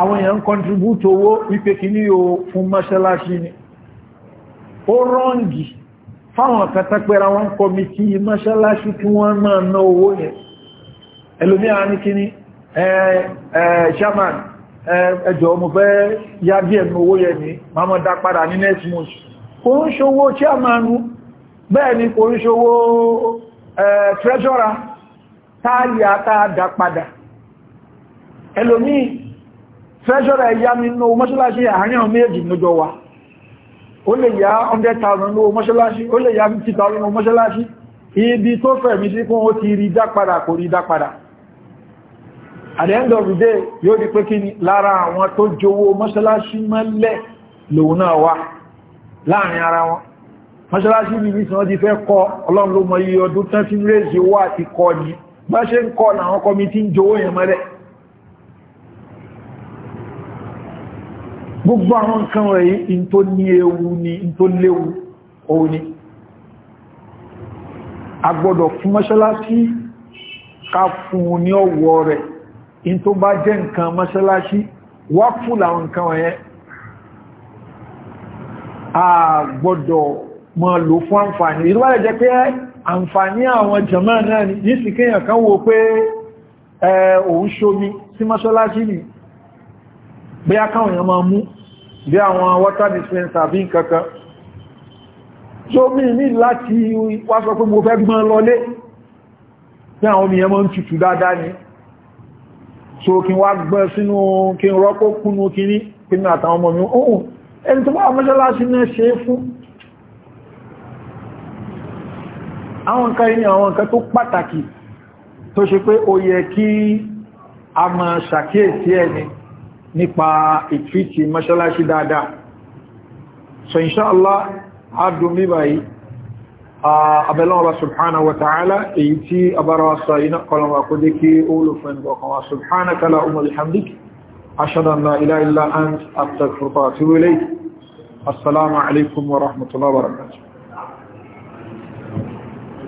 àwọn èèyàn contribute owó wípé kí ní o fún mọ́ṣálásí ni ó rọ́ǹgì fáwọn kàtàpẹ́ra wọn kọmití mọ́ṣálásí kí wọ́n máa ná owó yẹn ẹlòmíà ní kí ní ṣaman ẹjọ́ mo fẹ́ yá bí ẹ̀mù owó yẹ ní ma mọ́ dá padà ní next month kò ń ṣòwò chairmanu bẹ́ẹ̀ ni kò ń ṣòwò treasurer táàyà táàdà padà ẹlòmí treasurer ya mi ní owó mọ́ṣálásí àárín àwọn méjì lójọ wa ó lè yá 100,000 owó mọ́ṣálásí ó lè yá 50,000 owó mọ́ṣálásí ibi tó fẹ̀mí sí kún ó ti rí dá padà kò rí dá padà at the end of the day yóò di pé kí ni lára àwọn tó jowó mọ́ṣálásí mọ́lẹ̀ lòun náà wá láàrin ara wọn mọ́ṣálásí bí tí wọ́n ti fẹ́ kọ́ ọlọ́run ló mọ iye ọdún tán fi ń rèézi àti kọ́ ni bá ṣe ń kọ́ làwọn kọmití ń jowó yẹn mọ́lẹ̀ gbogbo àwọn nǹkan wọ̀nyí in tó ní ewu ni in tó léwu òun ni a gbọ́dọ̀ fún mọ́ṣálásí ká fún ní ọwọ́ rẹ̀ in tó bá jẹ́ nǹkan mọ́ṣálásí wá fún làwọn nǹkan wọ̀nyẹn a mọ́ lò fún àǹfààní ìrúwàlẹ̀ jẹ́ pé àǹfààní àwọn jàmáà náà ni ní síkẹ́yàn kan wo pé òun ṣomi sí mọ́ṣọ́lájí ni bí a káwọn èèyàn máa mú bí àwọn water dispenser bí nkankan ṣomi ní láti wá sọ pé mo fẹ́ gbọ́n lọlé tí àwọn omi ẹmọ́ ń tutù dáadáa ni so kí wá gbọ́n sínú kí rọ́pọ̀ kúnnú kí ní àtàwọn ọmọ mi àwọn nǹkan yìí àwọn nǹkan tó pàtàkì tó ṣe pé ó yẹ kí a mọ̀ ṣàkíyèsí ẹni nípa ìtìtì mọ́ṣálásí dáadáa so inṣáàlá adùn bí báyìí abẹ́lọ́wọ́ subhanahu wa ta'ala èyí tí abárawa sọ iná kọlọmà kó jẹ́ kí olùfẹ́ ìgbọ̀kanwà subhanaka la umar hamdik ashadanna ila illa an astagfirka wa rahmatullahi wa barakatuh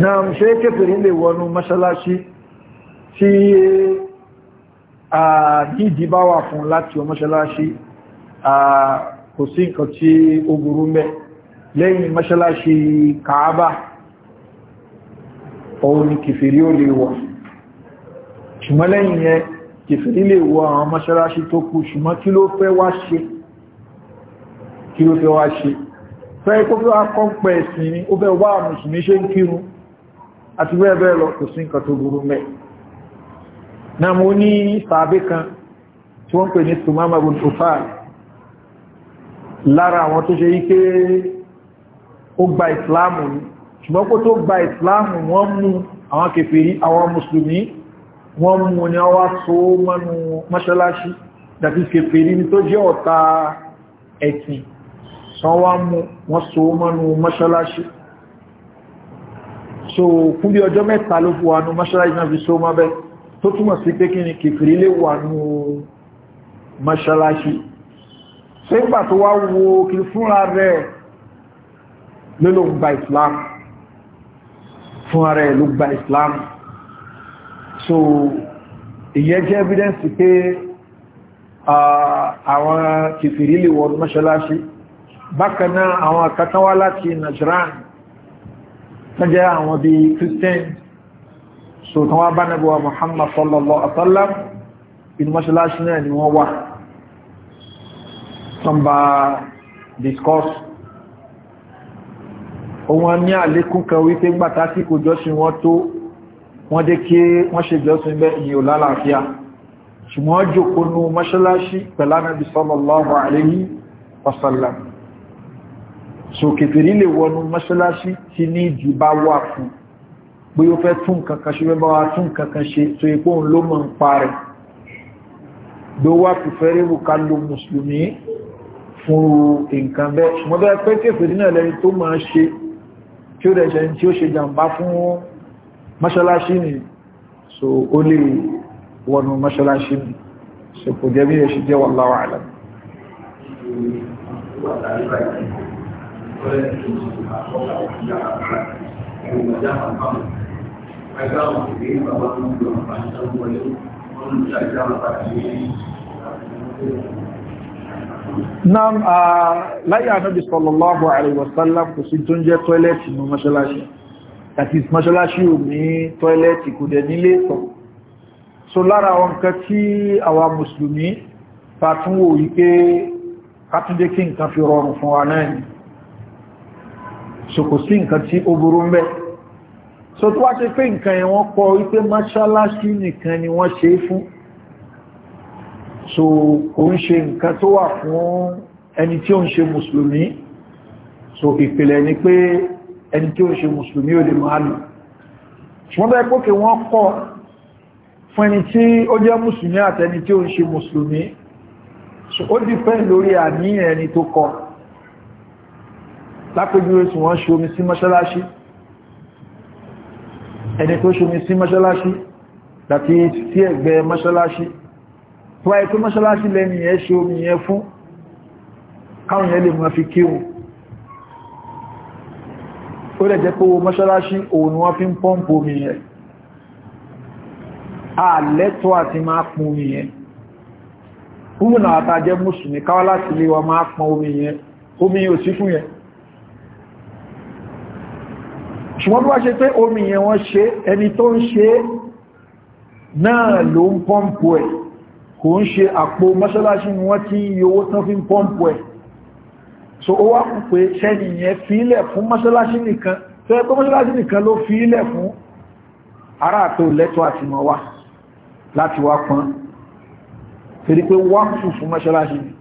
náà ṣe kéfèrè lè wọnú mọ́ṣálásí tí àdídì bá wà fún láti wọ mọ́ṣálásí kò sí nǹkan tí ó burú mẹ́ lẹ́yìn mọ́ṣálásí kàábà òun ni kìfèrí ó lè wọ̀ ṣùgbọ́n lẹ́yìn yẹn kìfèrí lè wọ àwọn mọ́ṣálásí tó kù ṣùgbọ́n kí ló fẹ́ wá ṣe fẹ́ kó bí wá kọ́ pẹ̀ ẹ̀sìn ni ó bẹ́ wá mùsùlùmí ṣe ń kírun àti bẹ́ẹ̀ bẹ́ẹ̀ lọ kò sí nǹkan tó burú mẹ́ na mo ní sàábé kan tí wọ́n pè ní Tumama bin Ufal lára àwọn tó ṣe ike ó gba ìsìláàmù ní ṣùgbọ́n kó tó gba ìsìláàmù wọ́n mú àwọn kèfèrí àwọn mùsùlùmí wọ́n mú ní ọwá tó mọ́nu mọ́ṣáláṣí dàbí kèfèrí ní tó jẹ́ ọ̀tá ẹ̀sìn sanwó-amú wọ́n so mọ́nu mọ́ṣáláṣí so fún bí ọjọ́ mẹ́ta ló fi wànú mọ́ṣáláṣí náà fi so mọ́ bẹ́ tó túnmọ̀ sí pé kí ni kìfìrí lè wànú mọ́ṣáláṣí so ìgbà tó wá wo kí fúnra rẹ̀ ló gba islam fúnra rẹ̀ ló islam so ìyẹn jẹ́ evidence pé ah, àwọn kìfìrí lè wọnú mọ́ṣáláṣí bákanáà àwọn akátánwá láti Najran tó jẹ́ àwọn bí Christian sọ̀tán wá bá nàbíwá Muhammad sallallahu alaihi wasallam inú mọ́ṣálásí náà ni wọ́n wà tán bá discuss òun ní àlékún kan wípé gbàtà sí kò jọ́sìn wọ́n tó wọ́n dé kí wọ́n ṣe jọ́sìn bẹ́ ní ò lálàáfíà ṣùgbọ́n jòkónú mọ́ṣálásí pẹ̀lá nàbí sallallahu alaihi wasallam so kèfèrí lè wọnú mọ́ṣáláṣí tí ní ìjù bá wà fún bí ó fẹ́ tún kankan ṣe bá wá tún kankan ṣe tó ipò ń ló mọ̀ ń pa rẹ̀ ló wá pìfẹ́rí wùká lo mùsùlùmí fún nǹkan bẹ́ẹ̀ ṣùgbọ́n bẹ́ẹ̀ pé kèfèrí náà lẹ́yìn tó máa ṣe tí ó dẹ̀ṣẹ̀ tí ó ṣe jàǹbá fún mọ́ṣáláṣí ni so ó lè wọnú mọ́ṣáláṣí ni so kò jẹ́ bí ẹ ṣe jẹ́ wallahu a'lam Thank Nam a láyé ànábì sallallahu alaihi wasallam kò sí tó ń jẹ́ tọ́ẹ̀lẹ̀tì ní mọ́ṣálásí. Àti mọ́ṣálásí ò ní tọ́ẹ̀lẹ̀tì kò dẹ̀ nílé ìtọ̀. So lára àwọn nǹkan tí àwa Mùsùlùmí fàtúnwò wípé kátúndé kí nǹkan fi rọrùn fún wa náà so kò sí nǹkan tí ó burú ń bẹ so tó wá ṣe pé nǹkan yẹn wọ́n kọ wípé mọ́ṣáláṣí nìkan ni wọ́n ṣe é fún so kò ń ṣe nǹkan tó wà fún ẹni tí ó ń ṣe mùsùlùmí so ìpìlẹ̀ ni pé ẹni tí ó ń ṣe mùsùlùmí ò lè máa lò ṣùgbọ́n bẹ́ẹ̀ pókè wọ́n kọ fún ẹni tí ó jẹ́ mùsùlùmí àtẹni tí ó ń ṣe mùsùlùmí so ó dìpẹ́ lórí àníyàn ẹni tó kọ lápójúwé sí wọ́n ṣomi sí mọ́ṣálásí ẹni tó ṣomi sí mọ́ṣálásí láti sí ẹgbẹ́ mọ́ṣálásí tó wáyé tó mọ́ṣálásí lẹ́ni ẹ ṣomi yẹn fún káwọn yẹn lè mọ́ fi kíhùn ó lè jẹ́ pé owó mọ́ṣálásí òun wọ́n fi ń pọ́ǹpù omi yẹn àlẹ́tọ́ àti máa pọn omi yẹn fún náà àtàjẹ́ mùsùlùmí káwọ́ láti lè wọ́n máa pọn omi yẹn omi yóò sí fún yẹn ṣùgbọ́n bí wá ṣe pé omi yẹn wọ́n ṣe ẹni tó ń ṣe náà ló ń pọ́mpù ẹ̀ kò ń ṣe àpò mọ́ṣálásí ni wọ́n ti yí owó tán fi ń pọ́mpù ẹ̀ so ó wá kù pé ṣẹ́ni yẹn fílẹ̀ fún mọ́ṣálásí nìkan tó yẹ pé mọ́ṣálásí nìkan ló fílẹ̀ fún ará àtò lẹ́tọ́ àti mọ́ wá láti wá pọ́n torí pé wá kù fún mọ́ṣálásí ni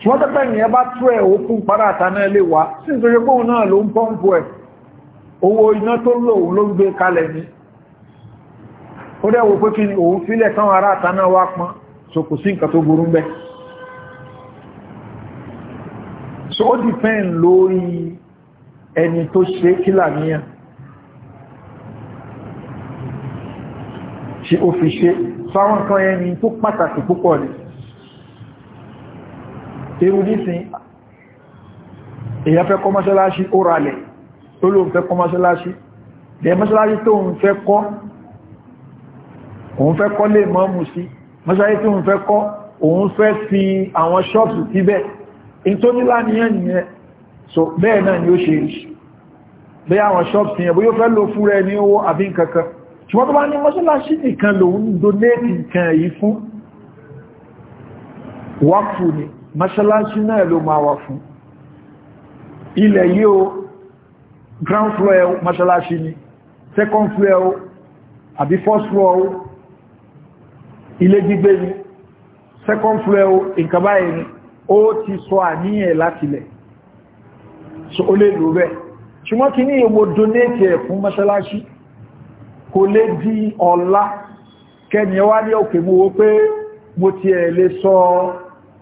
ṣùgbọ́n tẹ́tẹ́ yẹn bá tú ẹ̀ ó kún padà àtàná ilé wa sí ìtòṣepọ̀ náà ló ń pọ́mpù ẹ̀ owó iná tó lò ló ń gbé kalẹ̀ ní ó dẹ̀ wò pé kí ni òun fílẹ̀ tán ará àtàná wá pán so kò sí nǹkan tó burú ń bẹ́ so ó dìpẹ́ǹ lórí ẹni tó ṣe kílà níyàn ṣe ó fi ṣe sáwọn kan ẹni tó pàtàkì púpọ̀ ní irú nísìn èyàn fẹ́ kọ́ ó ralẹ̀ tó ló ń fẹ́ kọ́ mọ́ṣáláṣí dẹ̀ mọ́ṣáláṣí tó ń fẹ́ kọ́ òun fẹ́ kọ́ lè mọ́ mú sí mọ́ṣáláṣí tó ń fẹ́ kọ́ òun fẹ́ fi àwọn ṣọ́ọ̀pù síbẹ̀ in tó nílá nìyẹn nìyẹn so bẹ́ẹ̀ náà ni ó ṣe rí bẹ́ẹ̀ àwọn ṣọ́ọ̀pù yẹn bó yóò fẹ́ lò fún rẹ ní owó àbí nkankan ṣùgbọ́n tó bá ni mọ́ṣáláṣí náà ló máa wà fún ilẹ̀ yìí ground floor ẹ̀ mọ́ṣálásí ni second floor ẹ̀ àbí first floor ẹ̀ ilé gbígbé ni second floor ẹ̀ nǹkan báyìí ni ó ti sọ àníyàn látilẹ̀ so ó lè lò bẹ́ẹ̀ ṣùgbọ́n kí ní èmo donate ẹ̀ fún mọ́ṣálásí kò lè di ọ̀la kẹni ẹwà ní òkè mú wó pé mo ti ẹ̀ lè sọ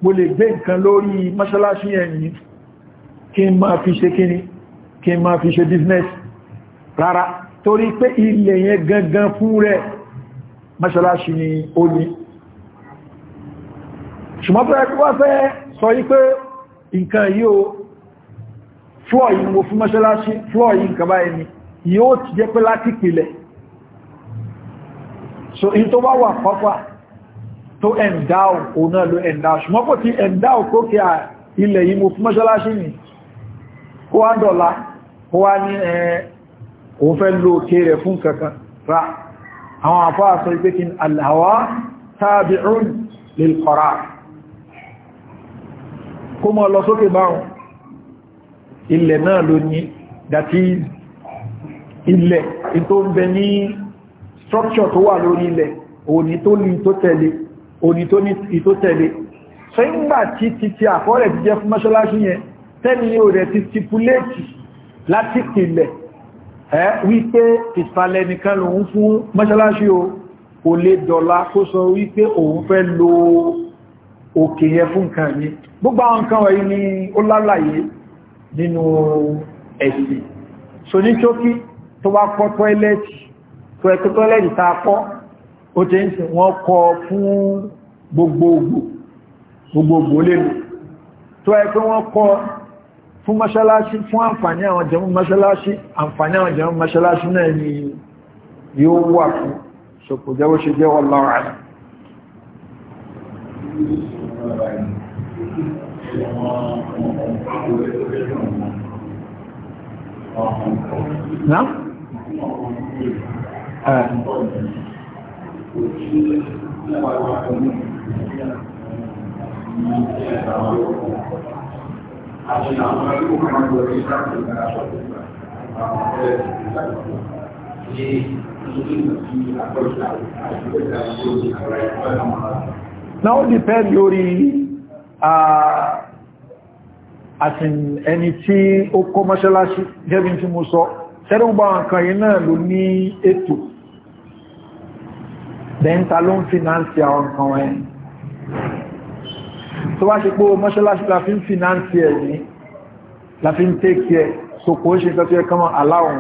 mo lè gbé nǹkan lórí mọ́ṣálásí ẹ̀yìn kí n máa fi ṣe kíní kí n fi ṣe business rárá torí pé ilẹ̀ yẹn gangan fún rẹ̀ mọ́ṣálásí ni ó ní ṣùgbọ́n tó ẹgbẹ́ wá fẹ́ sọ yí pé nǹkan yíò flọ́ yìí mo fún mọ́ṣálásí flọ́ yìí nǹkan báyìí ni yóò ti jẹ́ pé láti pìlẹ̀ so in tó bá wà pápá tó endow òun náà ló endow ni kó á kó wá ní ẹ o fẹ́ ló kéré fún kankan ra àwọn àfá àṣọ ìpé kí alhawa tabi'un lil qarar kó mọ́ lọ sókè báhùn ilẹ̀ náà ló ní that is ilẹ̀ tó ń bẹ ní structure tó wà lórí ilẹ̀ òní tó ní tó tẹ̀lé òní tó ní tí ti ti àkọọ́lẹ̀ ti jẹ́ fún mọ́ṣọ́láṣí yẹn tẹ́ni yóò rẹ̀ ti stipulate láti pìlẹ̀ ẹ́ wípé ìsàlẹ̀ nìkan lòun fún mọ́ṣálásí o kò lè dọ̀la kó sọ wípé òun fẹ́ lo òkè yẹ fún nǹkan ní gbogbo àwọn nǹkan wọ̀nyí ni ó lálàyé nínú ẹ̀sìn so ní ṣókí tó bá kọ́ tọ́ẹ̀lẹ́tì tó ẹ̀kọ́ tọ́ẹ̀lẹ́tì ta kọ́ tó ẹ̀kọ́ fún mọ́ṣálásí fún àǹfàní àwọn jẹun mọ́ṣálásí àǹfàní àwọn jẹun mọ́ṣálásí náà ni yóò wà fún ṣòkò jẹ́wọ́ ṣe jẹ́ wallahu a'lam Thank eh. you. Now depend lórí àtìn uh, as tí ó kọ́ mọ́ṣálásí gẹ́bí tí mo sọ, ṣẹ́rùn bá nǹkan yìí náà ló ní ètò, dẹ́ntà ló ń fínánsì àwọn nǹkan ẹni tó wá ṣe pé mọ́ṣáláṣí la fi ń fìnáǹsì ẹ̀ ní la fi ń tẹ́kì ẹ̀ so kò ń ṣe nǹkan tó yẹ kán aláwọn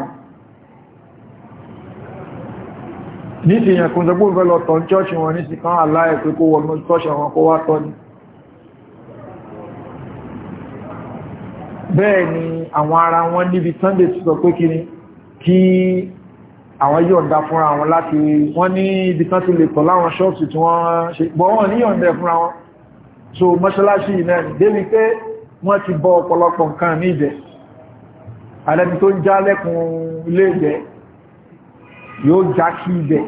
ní ti yẹn kò ń sọgbó ìfẹ́ lọ tọ́ chọ́ọ̀ṣì wọn ní ti kán aláẹ̀ pé kó wọnú chọ́ọ̀ṣì wọn kó wá tọ́ ni bẹ́ẹ̀ ni àwọn ara wọn níbi sunday ti sọ pé kí ni kí àwọn yọ̀nda fúnra wọn láti wọ́n ní ibi tán ti lè tọ̀ láwọn ṣọ́ọ̀ṣì tí wọ́n ṣe gbọ́ wọn ní yọ̀nda fúnra wọn so mọ́ṣálásí náà débi pé wọ́n ti bọ́ ọ̀pọ̀lọpọ̀ nǹkan ní ìjẹ́ alẹ́ni tó ń já lẹ́kùn ilé ìjẹ́ yóò já kí ìjẹ́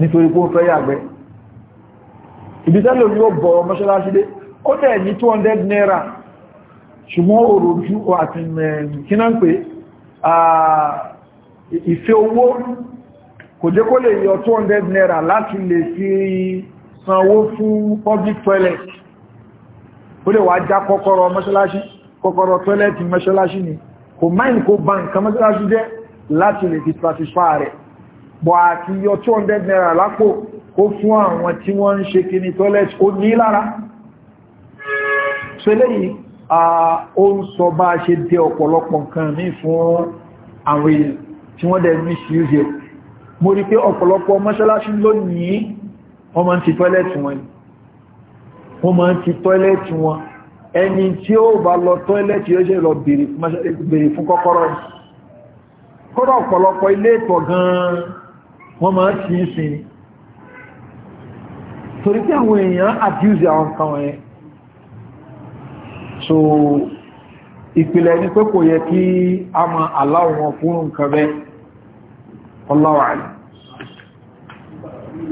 nítorí pé ó fẹ́ yàgbẹ́ ibi tẹ́lò ní ó bọ̀ mọ́ṣálásí dé ó dẹ̀ ní 200 naira ṣùgbọ́n òròjú àti ehm, kíná ń pè ìfẹ́ owó kò jẹ́ kó lè yọ 200 naira láti lè fi san owó fún public toilet ó lè wà já kọ́kọ́rọ́ mọ́ṣáláṣí kọ́kọ́rọ́ toilet mọ́ṣáláṣí ni kò máìn kó bá nǹkan mọ́ṣáláṣí jẹ́ láti lè fi satisfy rẹ̀ bọ̀ àti yọ 200 naira lápò kó fún àwọn tí wọ́n ń ṣe kí ni toilet ó ní lára mo rí pé ọ̀pọ̀lọpọ̀ mọ́ṣáláṣí lónìí wọ́n máa ń ti tọ́ẹ̀lẹ̀tì wọn wọ́n máa ń ti tọ́ẹ̀lẹ̀tì wọn ẹni tí ó bá lọ tọ́ẹ̀lẹ̀tì yóò ṣe lọ bèèrè fún kọ́kọ́rọ́ kọ́rọ̀ ọ̀pọ̀lọpọ̀ ilé ìtọ̀ gan-an wọ́n máa ń ti ń sin torí pé àwọn èèyàn abuse àwọn kan wọ̀nyẹn so ìpìlẹ̀ ní a máa aláwọn fún nǹkan bẹ́ẹ̀ ọláwàá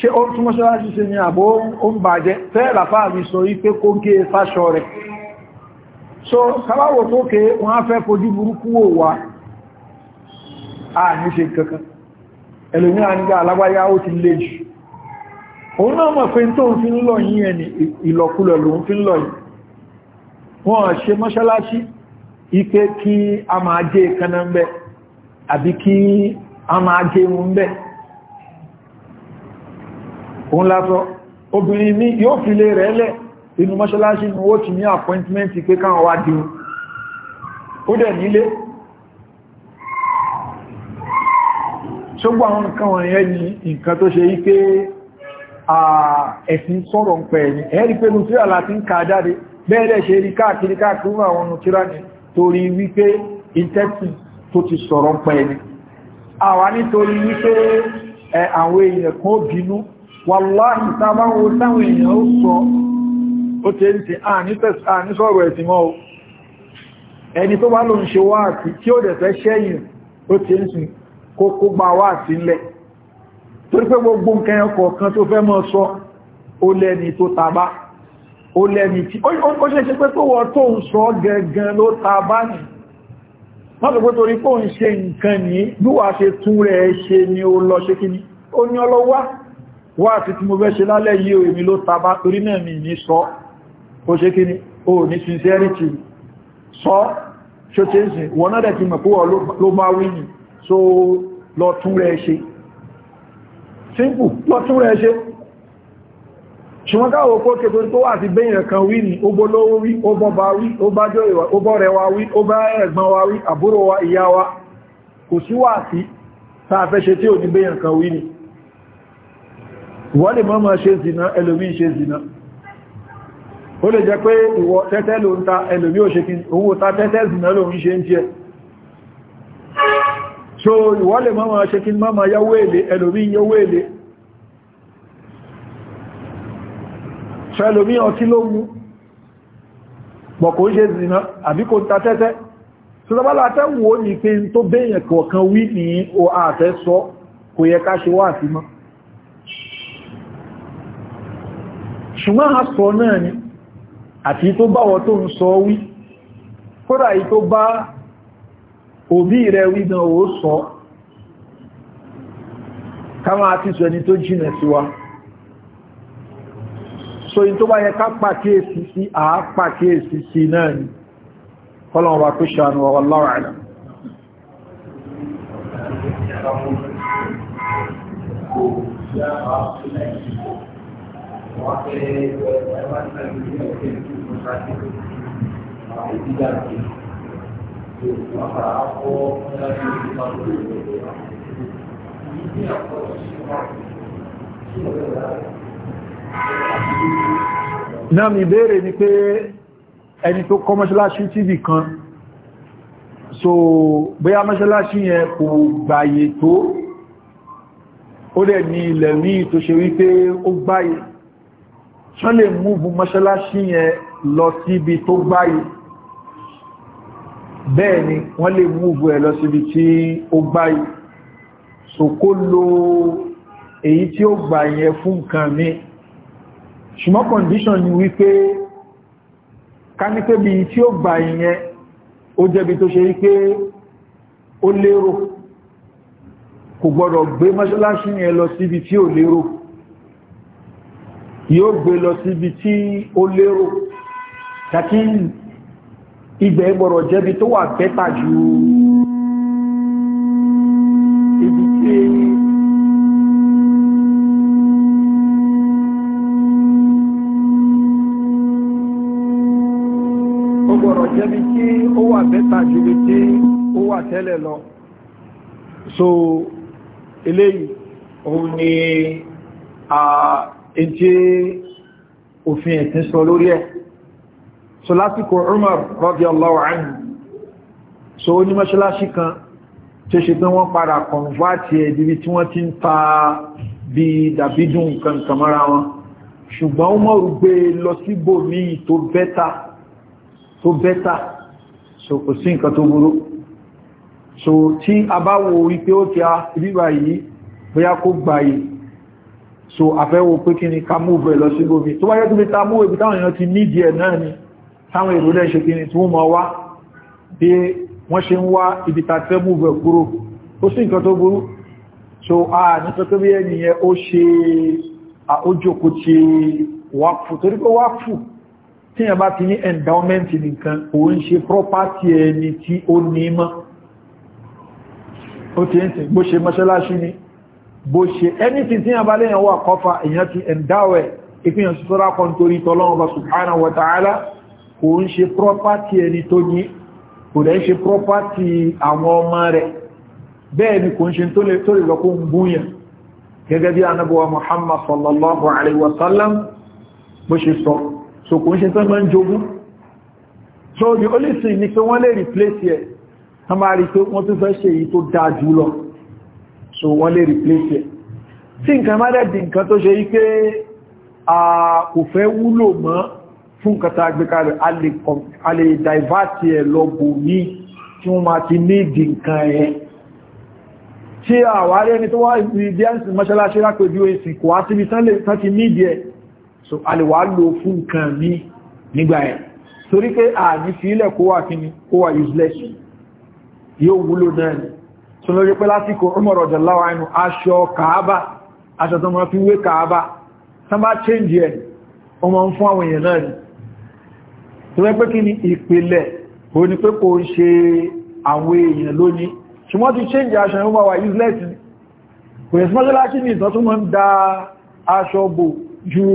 ṣe ó túnmọ́ ṣọ́láṣí ṣe ní àbó ó ń bàjẹ́ fẹ́ẹ̀lá fáàrí sọ wípé kó gé fáṣọ rẹ̀ so kábáwò tó ké wọ́n á fẹ́ fojú burúkú wò wá àní ṣe kankan ẹlòmí ànígbà alágbáyá ó ti lè jù òun náà mọ̀ pé tó ń fi ń lọ yí ẹni ìlọkulọ̀ lòun fi ń lọ yìí wọ́n ṣe mọ́ṣáláṣí ipé kí a máa jẹ́ kanáà àbí kí a máa jẹ́ wọn bẹ́ẹ̀ òun lásọ obìnrin mi yóò fi lè rẹ̀ lẹ̀ inú mọ́ṣálásí ni ó ti ní appointment pé káwọn wá di ó dẹ̀ nílé ṣógbà àwọn nǹkan wọ̀nyẹn ni nǹkan tó ṣe yí pé ẹ̀sìn sọ̀rọ̀ ń àwọn nùtíra ni torí wípé intestine tó ti sọ̀rọ̀ ń wàláhì tàbáwò táwọn èèyàn ó sọ ó tẹ́ ń ti àní ah, ah, sọ̀rọ̀ ẹ̀sìn mọ́ ẹni tó bá ló ń ṣe wáàtí tí ó dẹ̀ fẹ́ ṣẹ́yìn ó tẹ́ ń sin kó kó gba wáàtí ńlẹ̀ torí pé gbogbo nǹkan ẹ̀kọ̀ kan tó fẹ́ mọ́ sọ ó lẹ́ni tó tàbá ó lẹ́ni tí ó ṣe ṣe pé tó wọ́n tó ń sọ gẹ̀gẹ̀ ló tàbá nì wọ́n tó pé torí pé ó ní bí wá sí tí mo fẹ́ ṣe lálẹ́ yìí o èmi ló tàbá torí náà mi ní sọ ó ṣe kí ni o ní sincerity sọ ṣóṣeéṣì wọ́n náà dẹ̀ ti mọ̀ púpọ̀ ló máa wí ní so lọ tún rẹ̀ ṣe simple lọ tún rẹ̀ ṣe ṣùgbọ́n káwọ̀ kó kètò tó wà sí bẹ́yìn kan wí ní ó bó lówó wí ó bọ́ bá wí ó bá jọ ìwà ó bọ́ rẹ̀ wa wí bá ẹ̀gbọ́n wa wí àbúrò wa ìyá wa kò sí wà sí tàà fẹ́ ṣe tí ò ní bẹ́yìn kan wí ní wọ́n lè mọ́ máa ṣe zina ẹlòmí ṣe zina ó lè jẹ́ pé ìwọ tẹ́tẹ́ ló ń ta ẹlòmí ò ṣe kí owó ta tẹ́tẹ́ zina ló ń ṣe ń jẹ́ so ìwọ lè mọ́ máa ṣe kí mọ́ máa yáwó èlé ẹlòmí yáwó èlé so ẹlòmí ọtí ló mú pọ̀ kò ń ṣe zina àbí kò ń ta tẹ́tẹ́ so tọ́bálà tẹ́wọ́ ní pé tó bẹ́yẹn kọ̀ọ̀kan wí ní o àtẹ́ sọ kò yẹ ká ṣe wá àti mọ́ ṣùgbọ́n a sọ náà ni àti tó bá wọ́n tó ń sọ wí kódà yí tó bá òbí rẹ̀ wí gan ó sọ káwọn àti sọ ẹni tó jìnà sí wa so yí tó bá yẹ ká pàkíyèsí sí àá pàkíyèsí sí náà ni kọ́lọ̀wọ́n kó ṣàánú wa wallahu Yeah, I'll see you next náà mi béèrè ni pé ẹni tó kọ́ mọ́ṣálásí tv kan so bóyá mọ́ṣálásí yẹn kò gbàyè tó ó dẹ̀ ní ilẹ̀ míì tó ṣe wípé ó gbàyè ṣán lè múbù mọ́ṣálásí yẹn lọ síbi tó gbáyé bẹ́ẹ̀ ni wọ́n lè múbù ẹ̀ lọ síbi tí ó gbáyé so kó lo èyí tí ó gbà yẹn fún nǹkan mi ṣùgbọ́n condition ni wípé ká ní pé bí tí ó gbà yẹn ó jẹ́bi tó ṣe wípé ó lérò kò gbọ́dọ̀ gbé mọ́ṣálásí yẹn lọ síbi tí ó lérò yóò gbé lọ síbi tí ó lérò kàkí ibẹ̀ gbọ́rọ̀ jẹ́bi tó wà bẹ́tà ju ibi tí ó gbọ́rọ̀ jẹ́bi tí ó wà bẹ́tà ju ibi tí ó wà tẹ́lẹ̀ lọ so eléyìí òun ni a in tí òfin ẹ̀sìn sọ lórí ẹ̀ so lásìkò e. Umar radiyallahu anhu so ó ní mọ́ṣáláṣí kan tó ṣe pé wọ́n padà kọ̀nvátì ẹ̀ e díbi tí wọ́n ti ń ta bí dàbídùn kankan mọ́ra wọn ṣùgbọ́n Umar gbé lọ síbò míì tó bẹ́ta tó bẹ́ta so kò sí nǹkan tó burú so tí a bá wo wípé ó ti a bíbà yìí bóyá kó gbà so àfẹ́wò pé kí ni ká múùbù ẹ̀ lọ sí gómi tó wáyé tó bí ta múùbù ibi táwọn èèyàn ti nídìí ẹ̀ náà ni táwọn èrò lẹ́ ṣe kí ni tí wọ́n mọ̀ wá bí wọ́n ṣe ń wá ibi ta fẹ́ múùbù ẹ̀ kúrò ó sì nǹkan tó burú so a ní sọ pé bí ẹnìyẹn ó ṣe àójókò ti wáfù torí pé wáfù tí yẹn bá ti ní endowment nìkan òun ṣe property ẹni tí ó ní mọ́ ó ti ń sìn bó ṣe mọ́ṣáláṣí ni bó ṣe anything tí yàn bá lẹ́yàn wà kọfà èyàn ti ẹ̀ndáwẹ̀ ìpínyàn sọ́rọ̀ kan torí tọ́lọ́wọ́ bá subhanahu wa ta'ala kò ń ṣe property ẹni tó ní kò dẹ̀ ń ṣe property àwọn ọmọ rẹ̀ bẹ́ẹ̀ ni kò ń ṣe tó Muhammad sallallahu alaihi wasallam bó ṣe sọ so kò ń ṣe tán ni pé replace ẹ̀ tán bá rí pé wọ́n so wọ́n lè replace ẹ̀ tí nǹkan má dẹ̀ nǹkan tó ṣe yí pé a kò fẹ́ wúlò mọ́ fún nǹkan tá gbé kalẹ̀ a lè divert ẹ̀ lọ bò ní tí wọ́n máa ti ní ìdí nǹkan ẹ̀ tí àwárí ẹni tó wá ìdíyànsì mọ́ṣálásí rápẹ̀jú ẹ̀sìn kò wá síbi tán a lè wá lò fún nǹkan ní nígbà tó lórí pé lásìkò Umar radiyallahu anhu aṣọ kàábà aṣọ tó fi wé kàábà tán change ẹ̀ o máa ń fún àwọn èèyàn náà ni tó rẹ pé kí ni ìpìlẹ̀ o pé kò ń ṣe àwọn èèyàn lónìí ṣùgbọ́n ti change aṣọ ìwọ́n wà useless kò yẹ sọ́jọ́ láti ní da aṣọ ju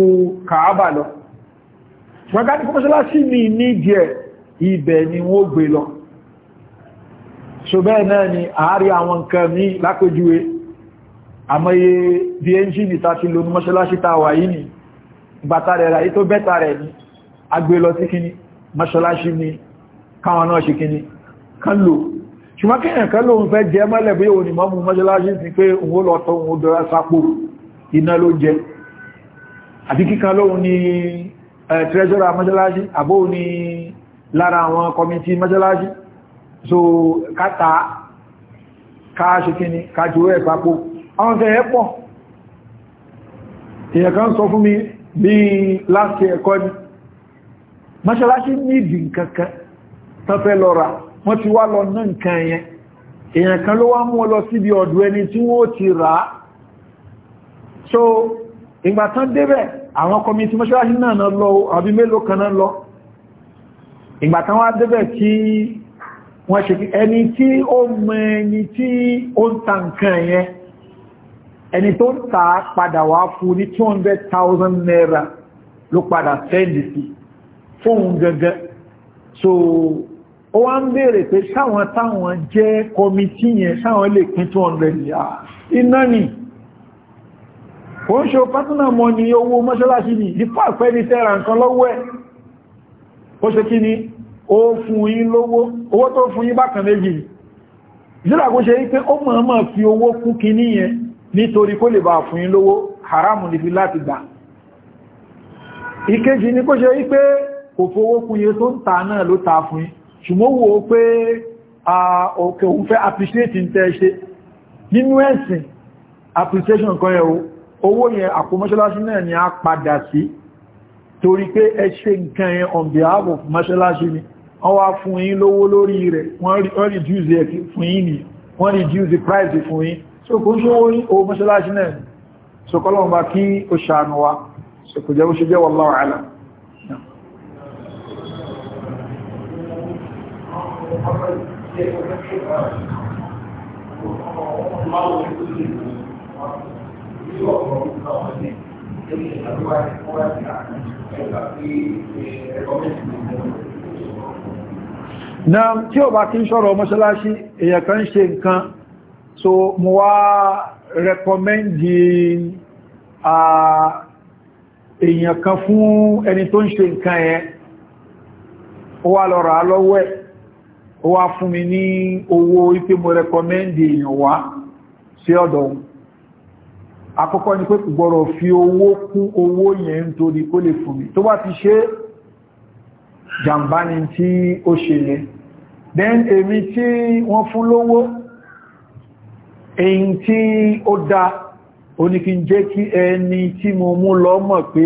kàábà lọ ṣùgbọ́n ká ní kọ́mọ́ṣọ́lá sí ní ìdí ni wọ́n so bẹ́ẹ̀ náà ni àárí àwọn nǹkan ní lápéjúwe àmọ́ye bí ẹnjìnì ta ti lo ní mọ́ṣálásí ta wà yìí ni bàtà rẹ̀ rà tó bẹ́ta rẹ̀ ni agbé lọ sí kíní mọ́ṣálásí ni káwọn náà ṣe kíní kan lò ṣùgbọ́n kíyàn kan lóun fẹ́ jẹ mọ́lẹ̀ bí òun ni mọ́mú mọ́ṣálásí ti pé òun lọ tọ́ òun dọ́ra sápò àwọn kọmitì mọ́ṣálásí so káta káṣekíní kájúwó ẹ̀ papò àwọn tẹ́ ẹ pọ̀ èyàn kan sọ fún mi bí láti ẹ̀kọ́ ní mọ́ṣálásí níbi nkankan tán fẹ́ lọ ra wọ́n ti wá lọ ná nǹkan yẹn èyàn kan ló wá mú lọ síbi ọ̀dọ̀ ẹni tí wọ́n ti rà á so ìgbà tán débẹ̀ àwọn kọmítí mọ́ṣálásí náà lọ àbí mélòó kan náà lọ ìgbà tán wá débẹ̀ tí wọ́n ṣe ẹni tí ó mọ ẹni tí ó ń ta nǹkan yẹn ẹni tó ń ta padà wá fún ní 200,000 naira ló padà sẹ́ndì sí fóun gangan so ó wá ń béèrè pé sáwọn táwọn jẹ́ kọmití yẹn sáwọn lè pín 200 yà iná ni ó ń ṣe pátánà mọ́ ni owó mọ́ṣáláṣí ni ìfà pẹ́ ní tẹ́ra nǹkan lọ́wọ́ ẹ̀ ó ṣe kí ni ó fún yín lówó owó tó fún yín bákan méjì zíra kó ṣe wípé ó mọ̀ mọ̀ fi owó kún kíní yẹn nítorí kó lè bá fún yín lówó haramu níbi láti gbà ìkejì ni kó ṣe wípé kò fowó kún yẹ tó ń ta náà ló ta fún yín ṣùgbọ́n wo pé òkè òun fẹ́ appreciate tẹ́ ṣe nínú ẹ̀sìn appreciation ni a padà sí torí pé ẹ ṣe nǹkan yẹn on behalf of mọ́ṣọ́láṣí ni wọ́n wá fún yín lówó lórí rẹ̀ wọ́n reduce ẹ̀ fún yín ni wọ́n reduce the price fún yín so kò ń ṣe owó ní owó mọ́ṣáláṣí náà so kọ́lọ́wọ́n bá kí ó ṣàánú wa so kò jẹ́ bó ṣe jẹ́ wallahu a'lam Thank you na tí ó bá kí ń ṣọ́rọ̀ mọ́ṣálásí èyàn kan ṣe nǹkan so mo wá rẹkọmẹ́ndì èyàn kan fún ẹni tó ń ṣe nǹkan ẹ ó wá lọ rà lọ́wọ́ ẹ̀ ó wá fún mi ní owó ipé mo rẹkọmẹ́ndì èyàn wá sí ọ̀dọ̀ àkọ́kọ́ ni pé gbọ́rọ̀ fi owó kún owó yẹn nítorí kó lè fún mi tó bá ti ṣe é jàmbá ni tí ó ṣe lè then èmi tí wọ́n fún lówó èyí tí ó dá oníkí jẹ́ kí ẹni tí mo mú lọ mọ̀ pé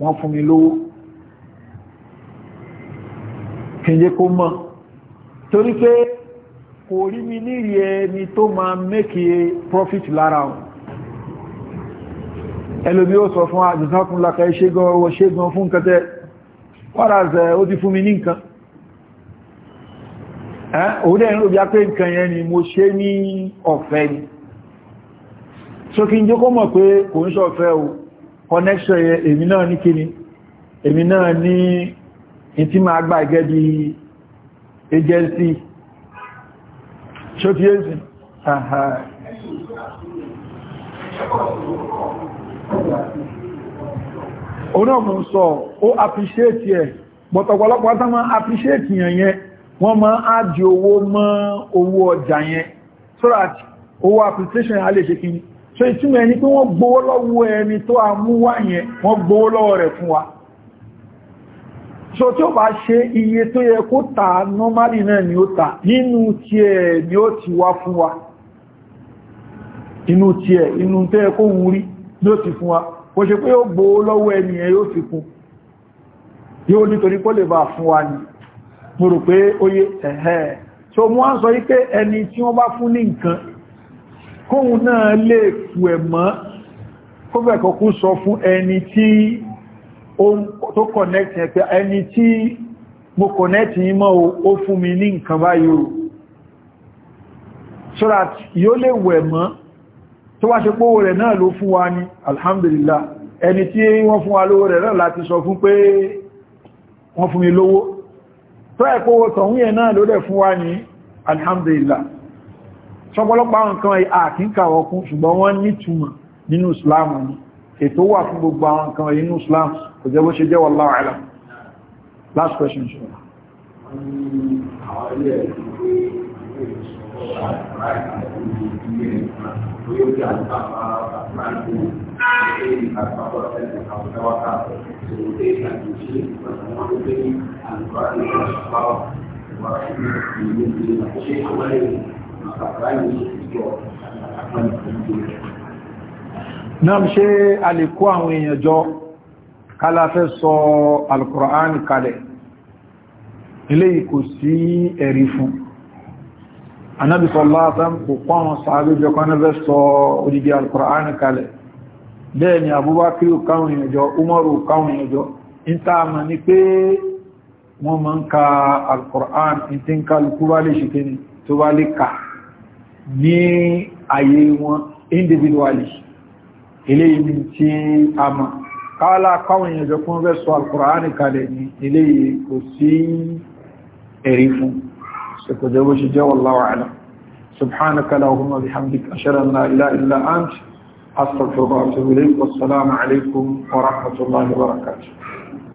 wọ́n fún mi lówó kí n jẹ́ kó mọ̀ torí pé kò rí mi nírí ẹni tó máa mẹ́kì profit lára wọn ẹlòmí ó sọ fún àjùsákùnlákà ṣégan ọwọ́ ṣégan fún kẹtẹ́ whereas eh, ó ti fún mi ní nǹkan eh, òun dẹ̀ ń rò bí nǹkan yẹn ni mo ṣe ní ọ̀fẹ́ ni so kí n jẹ́ kó mọ̀ pé kò ń ṣọ̀fẹ́ o connection yẹn èmi náà ní kíni èmi náà ní ìtí máa gbà gẹ́ bí agency ṣókíyèsí Thank you onáà mọ̀ sọ ó appreciate ẹ̀ bọ̀tọ̀pọ̀lọpọ̀ tán máa appreciate yẹn yẹn wọ́n máa ájì owó mọ́ owó ọjà yẹn so that owó appreciation a lè ṣe kí ní so ìtumọ̀ ẹni pé wọ́n gbówó lọ́wọ́ ẹni tó àmúwá yẹn wọ́n gbówó lọ́wọ́ rẹ̀ fún wa so tí ó bá ṣe iye tó yẹ kó ta normally náà ni ó ta nínú tí ẹ̀ ni ó ti wá fún wa inú tí inú tó kó wúrí ló ti fún wa kò ṣe pé ó gbó lọ́wọ́ ẹniyàn yóò fi kún yóò nítorí kó lè bá fún wa ní mo rò pé ó yé ẹ̀hẹ́ so mú á sọ wípé ẹni tí wọ́n bá fún ní nǹkan kóhun náà lè kù ẹ̀ mọ́ kó fẹ́kọ̀ kú sọ fún ẹni tí tó connect yẹn pé ẹni tí mo connect yí mọ́ ó fún mi ní nǹkan báyìí tó wá ṣe pówó rẹ̀ náà ló fún wa ní alhamdulillah ẹni tí wọ́n fún wa lówó rẹ̀ náà láti sọ fún pé wọ́n fún mi lówó tó ẹ̀ pówó tọ̀hún yẹn náà ló dẹ̀ fún wa ní alhamdulillah ṣọpọlọpọ nǹkan àkínkàwọ́ kún ṣùgbọ́n wọ́n nítumọ̀ nínú islam ni ètò wà fún gbogbo àwọn nǹkan last question yóò di àtàkà àtàkù èyí àtàkù ẹ̀sìn àwùjáwáká tòun dé àjèjì ìgbàlódé pé àǹkọ́ àdéhùn àṣùpá wà nínú ìlú àṣẹ àwọn ẹ̀yìn àtàkà yìí ìjọ àtàkà ìjọ. Náà ṣe a lè kó àwọn èèyàn jọ kálá fẹ́ sọ Al-Qur'an kalẹ̀. Eléyìí kò sí ẹ̀rí fún anábì sallallahu alaihi wasallam kò kọ́ àwọn sàábé jọ kan náà sọ odidi alkùránì kalẹ̀ bẹ́ẹ̀ ni abubakar káwọn èèyàn jọ umaru káwọn èèyàn jọ ń tá a mọ̀ ní pé wọ́n máa ń ka alkùránì ní tí ń kálukú bá lè ṣe kéni tó bá lè kà ní ayé wọn individually eléyìí tí a mọ̀ kálá káwọn èèyàn kún fẹ́ sọ alkùránì kalẹ̀ ní eléyìí kò sí ẹ̀rí fún سكجو شجا والله أعلم سبحانك اللهم بحمدك أشهد أن لا إله إلا أنت أستغفرك وأتوب إليك والسلام عليكم ورحمة الله وبركاته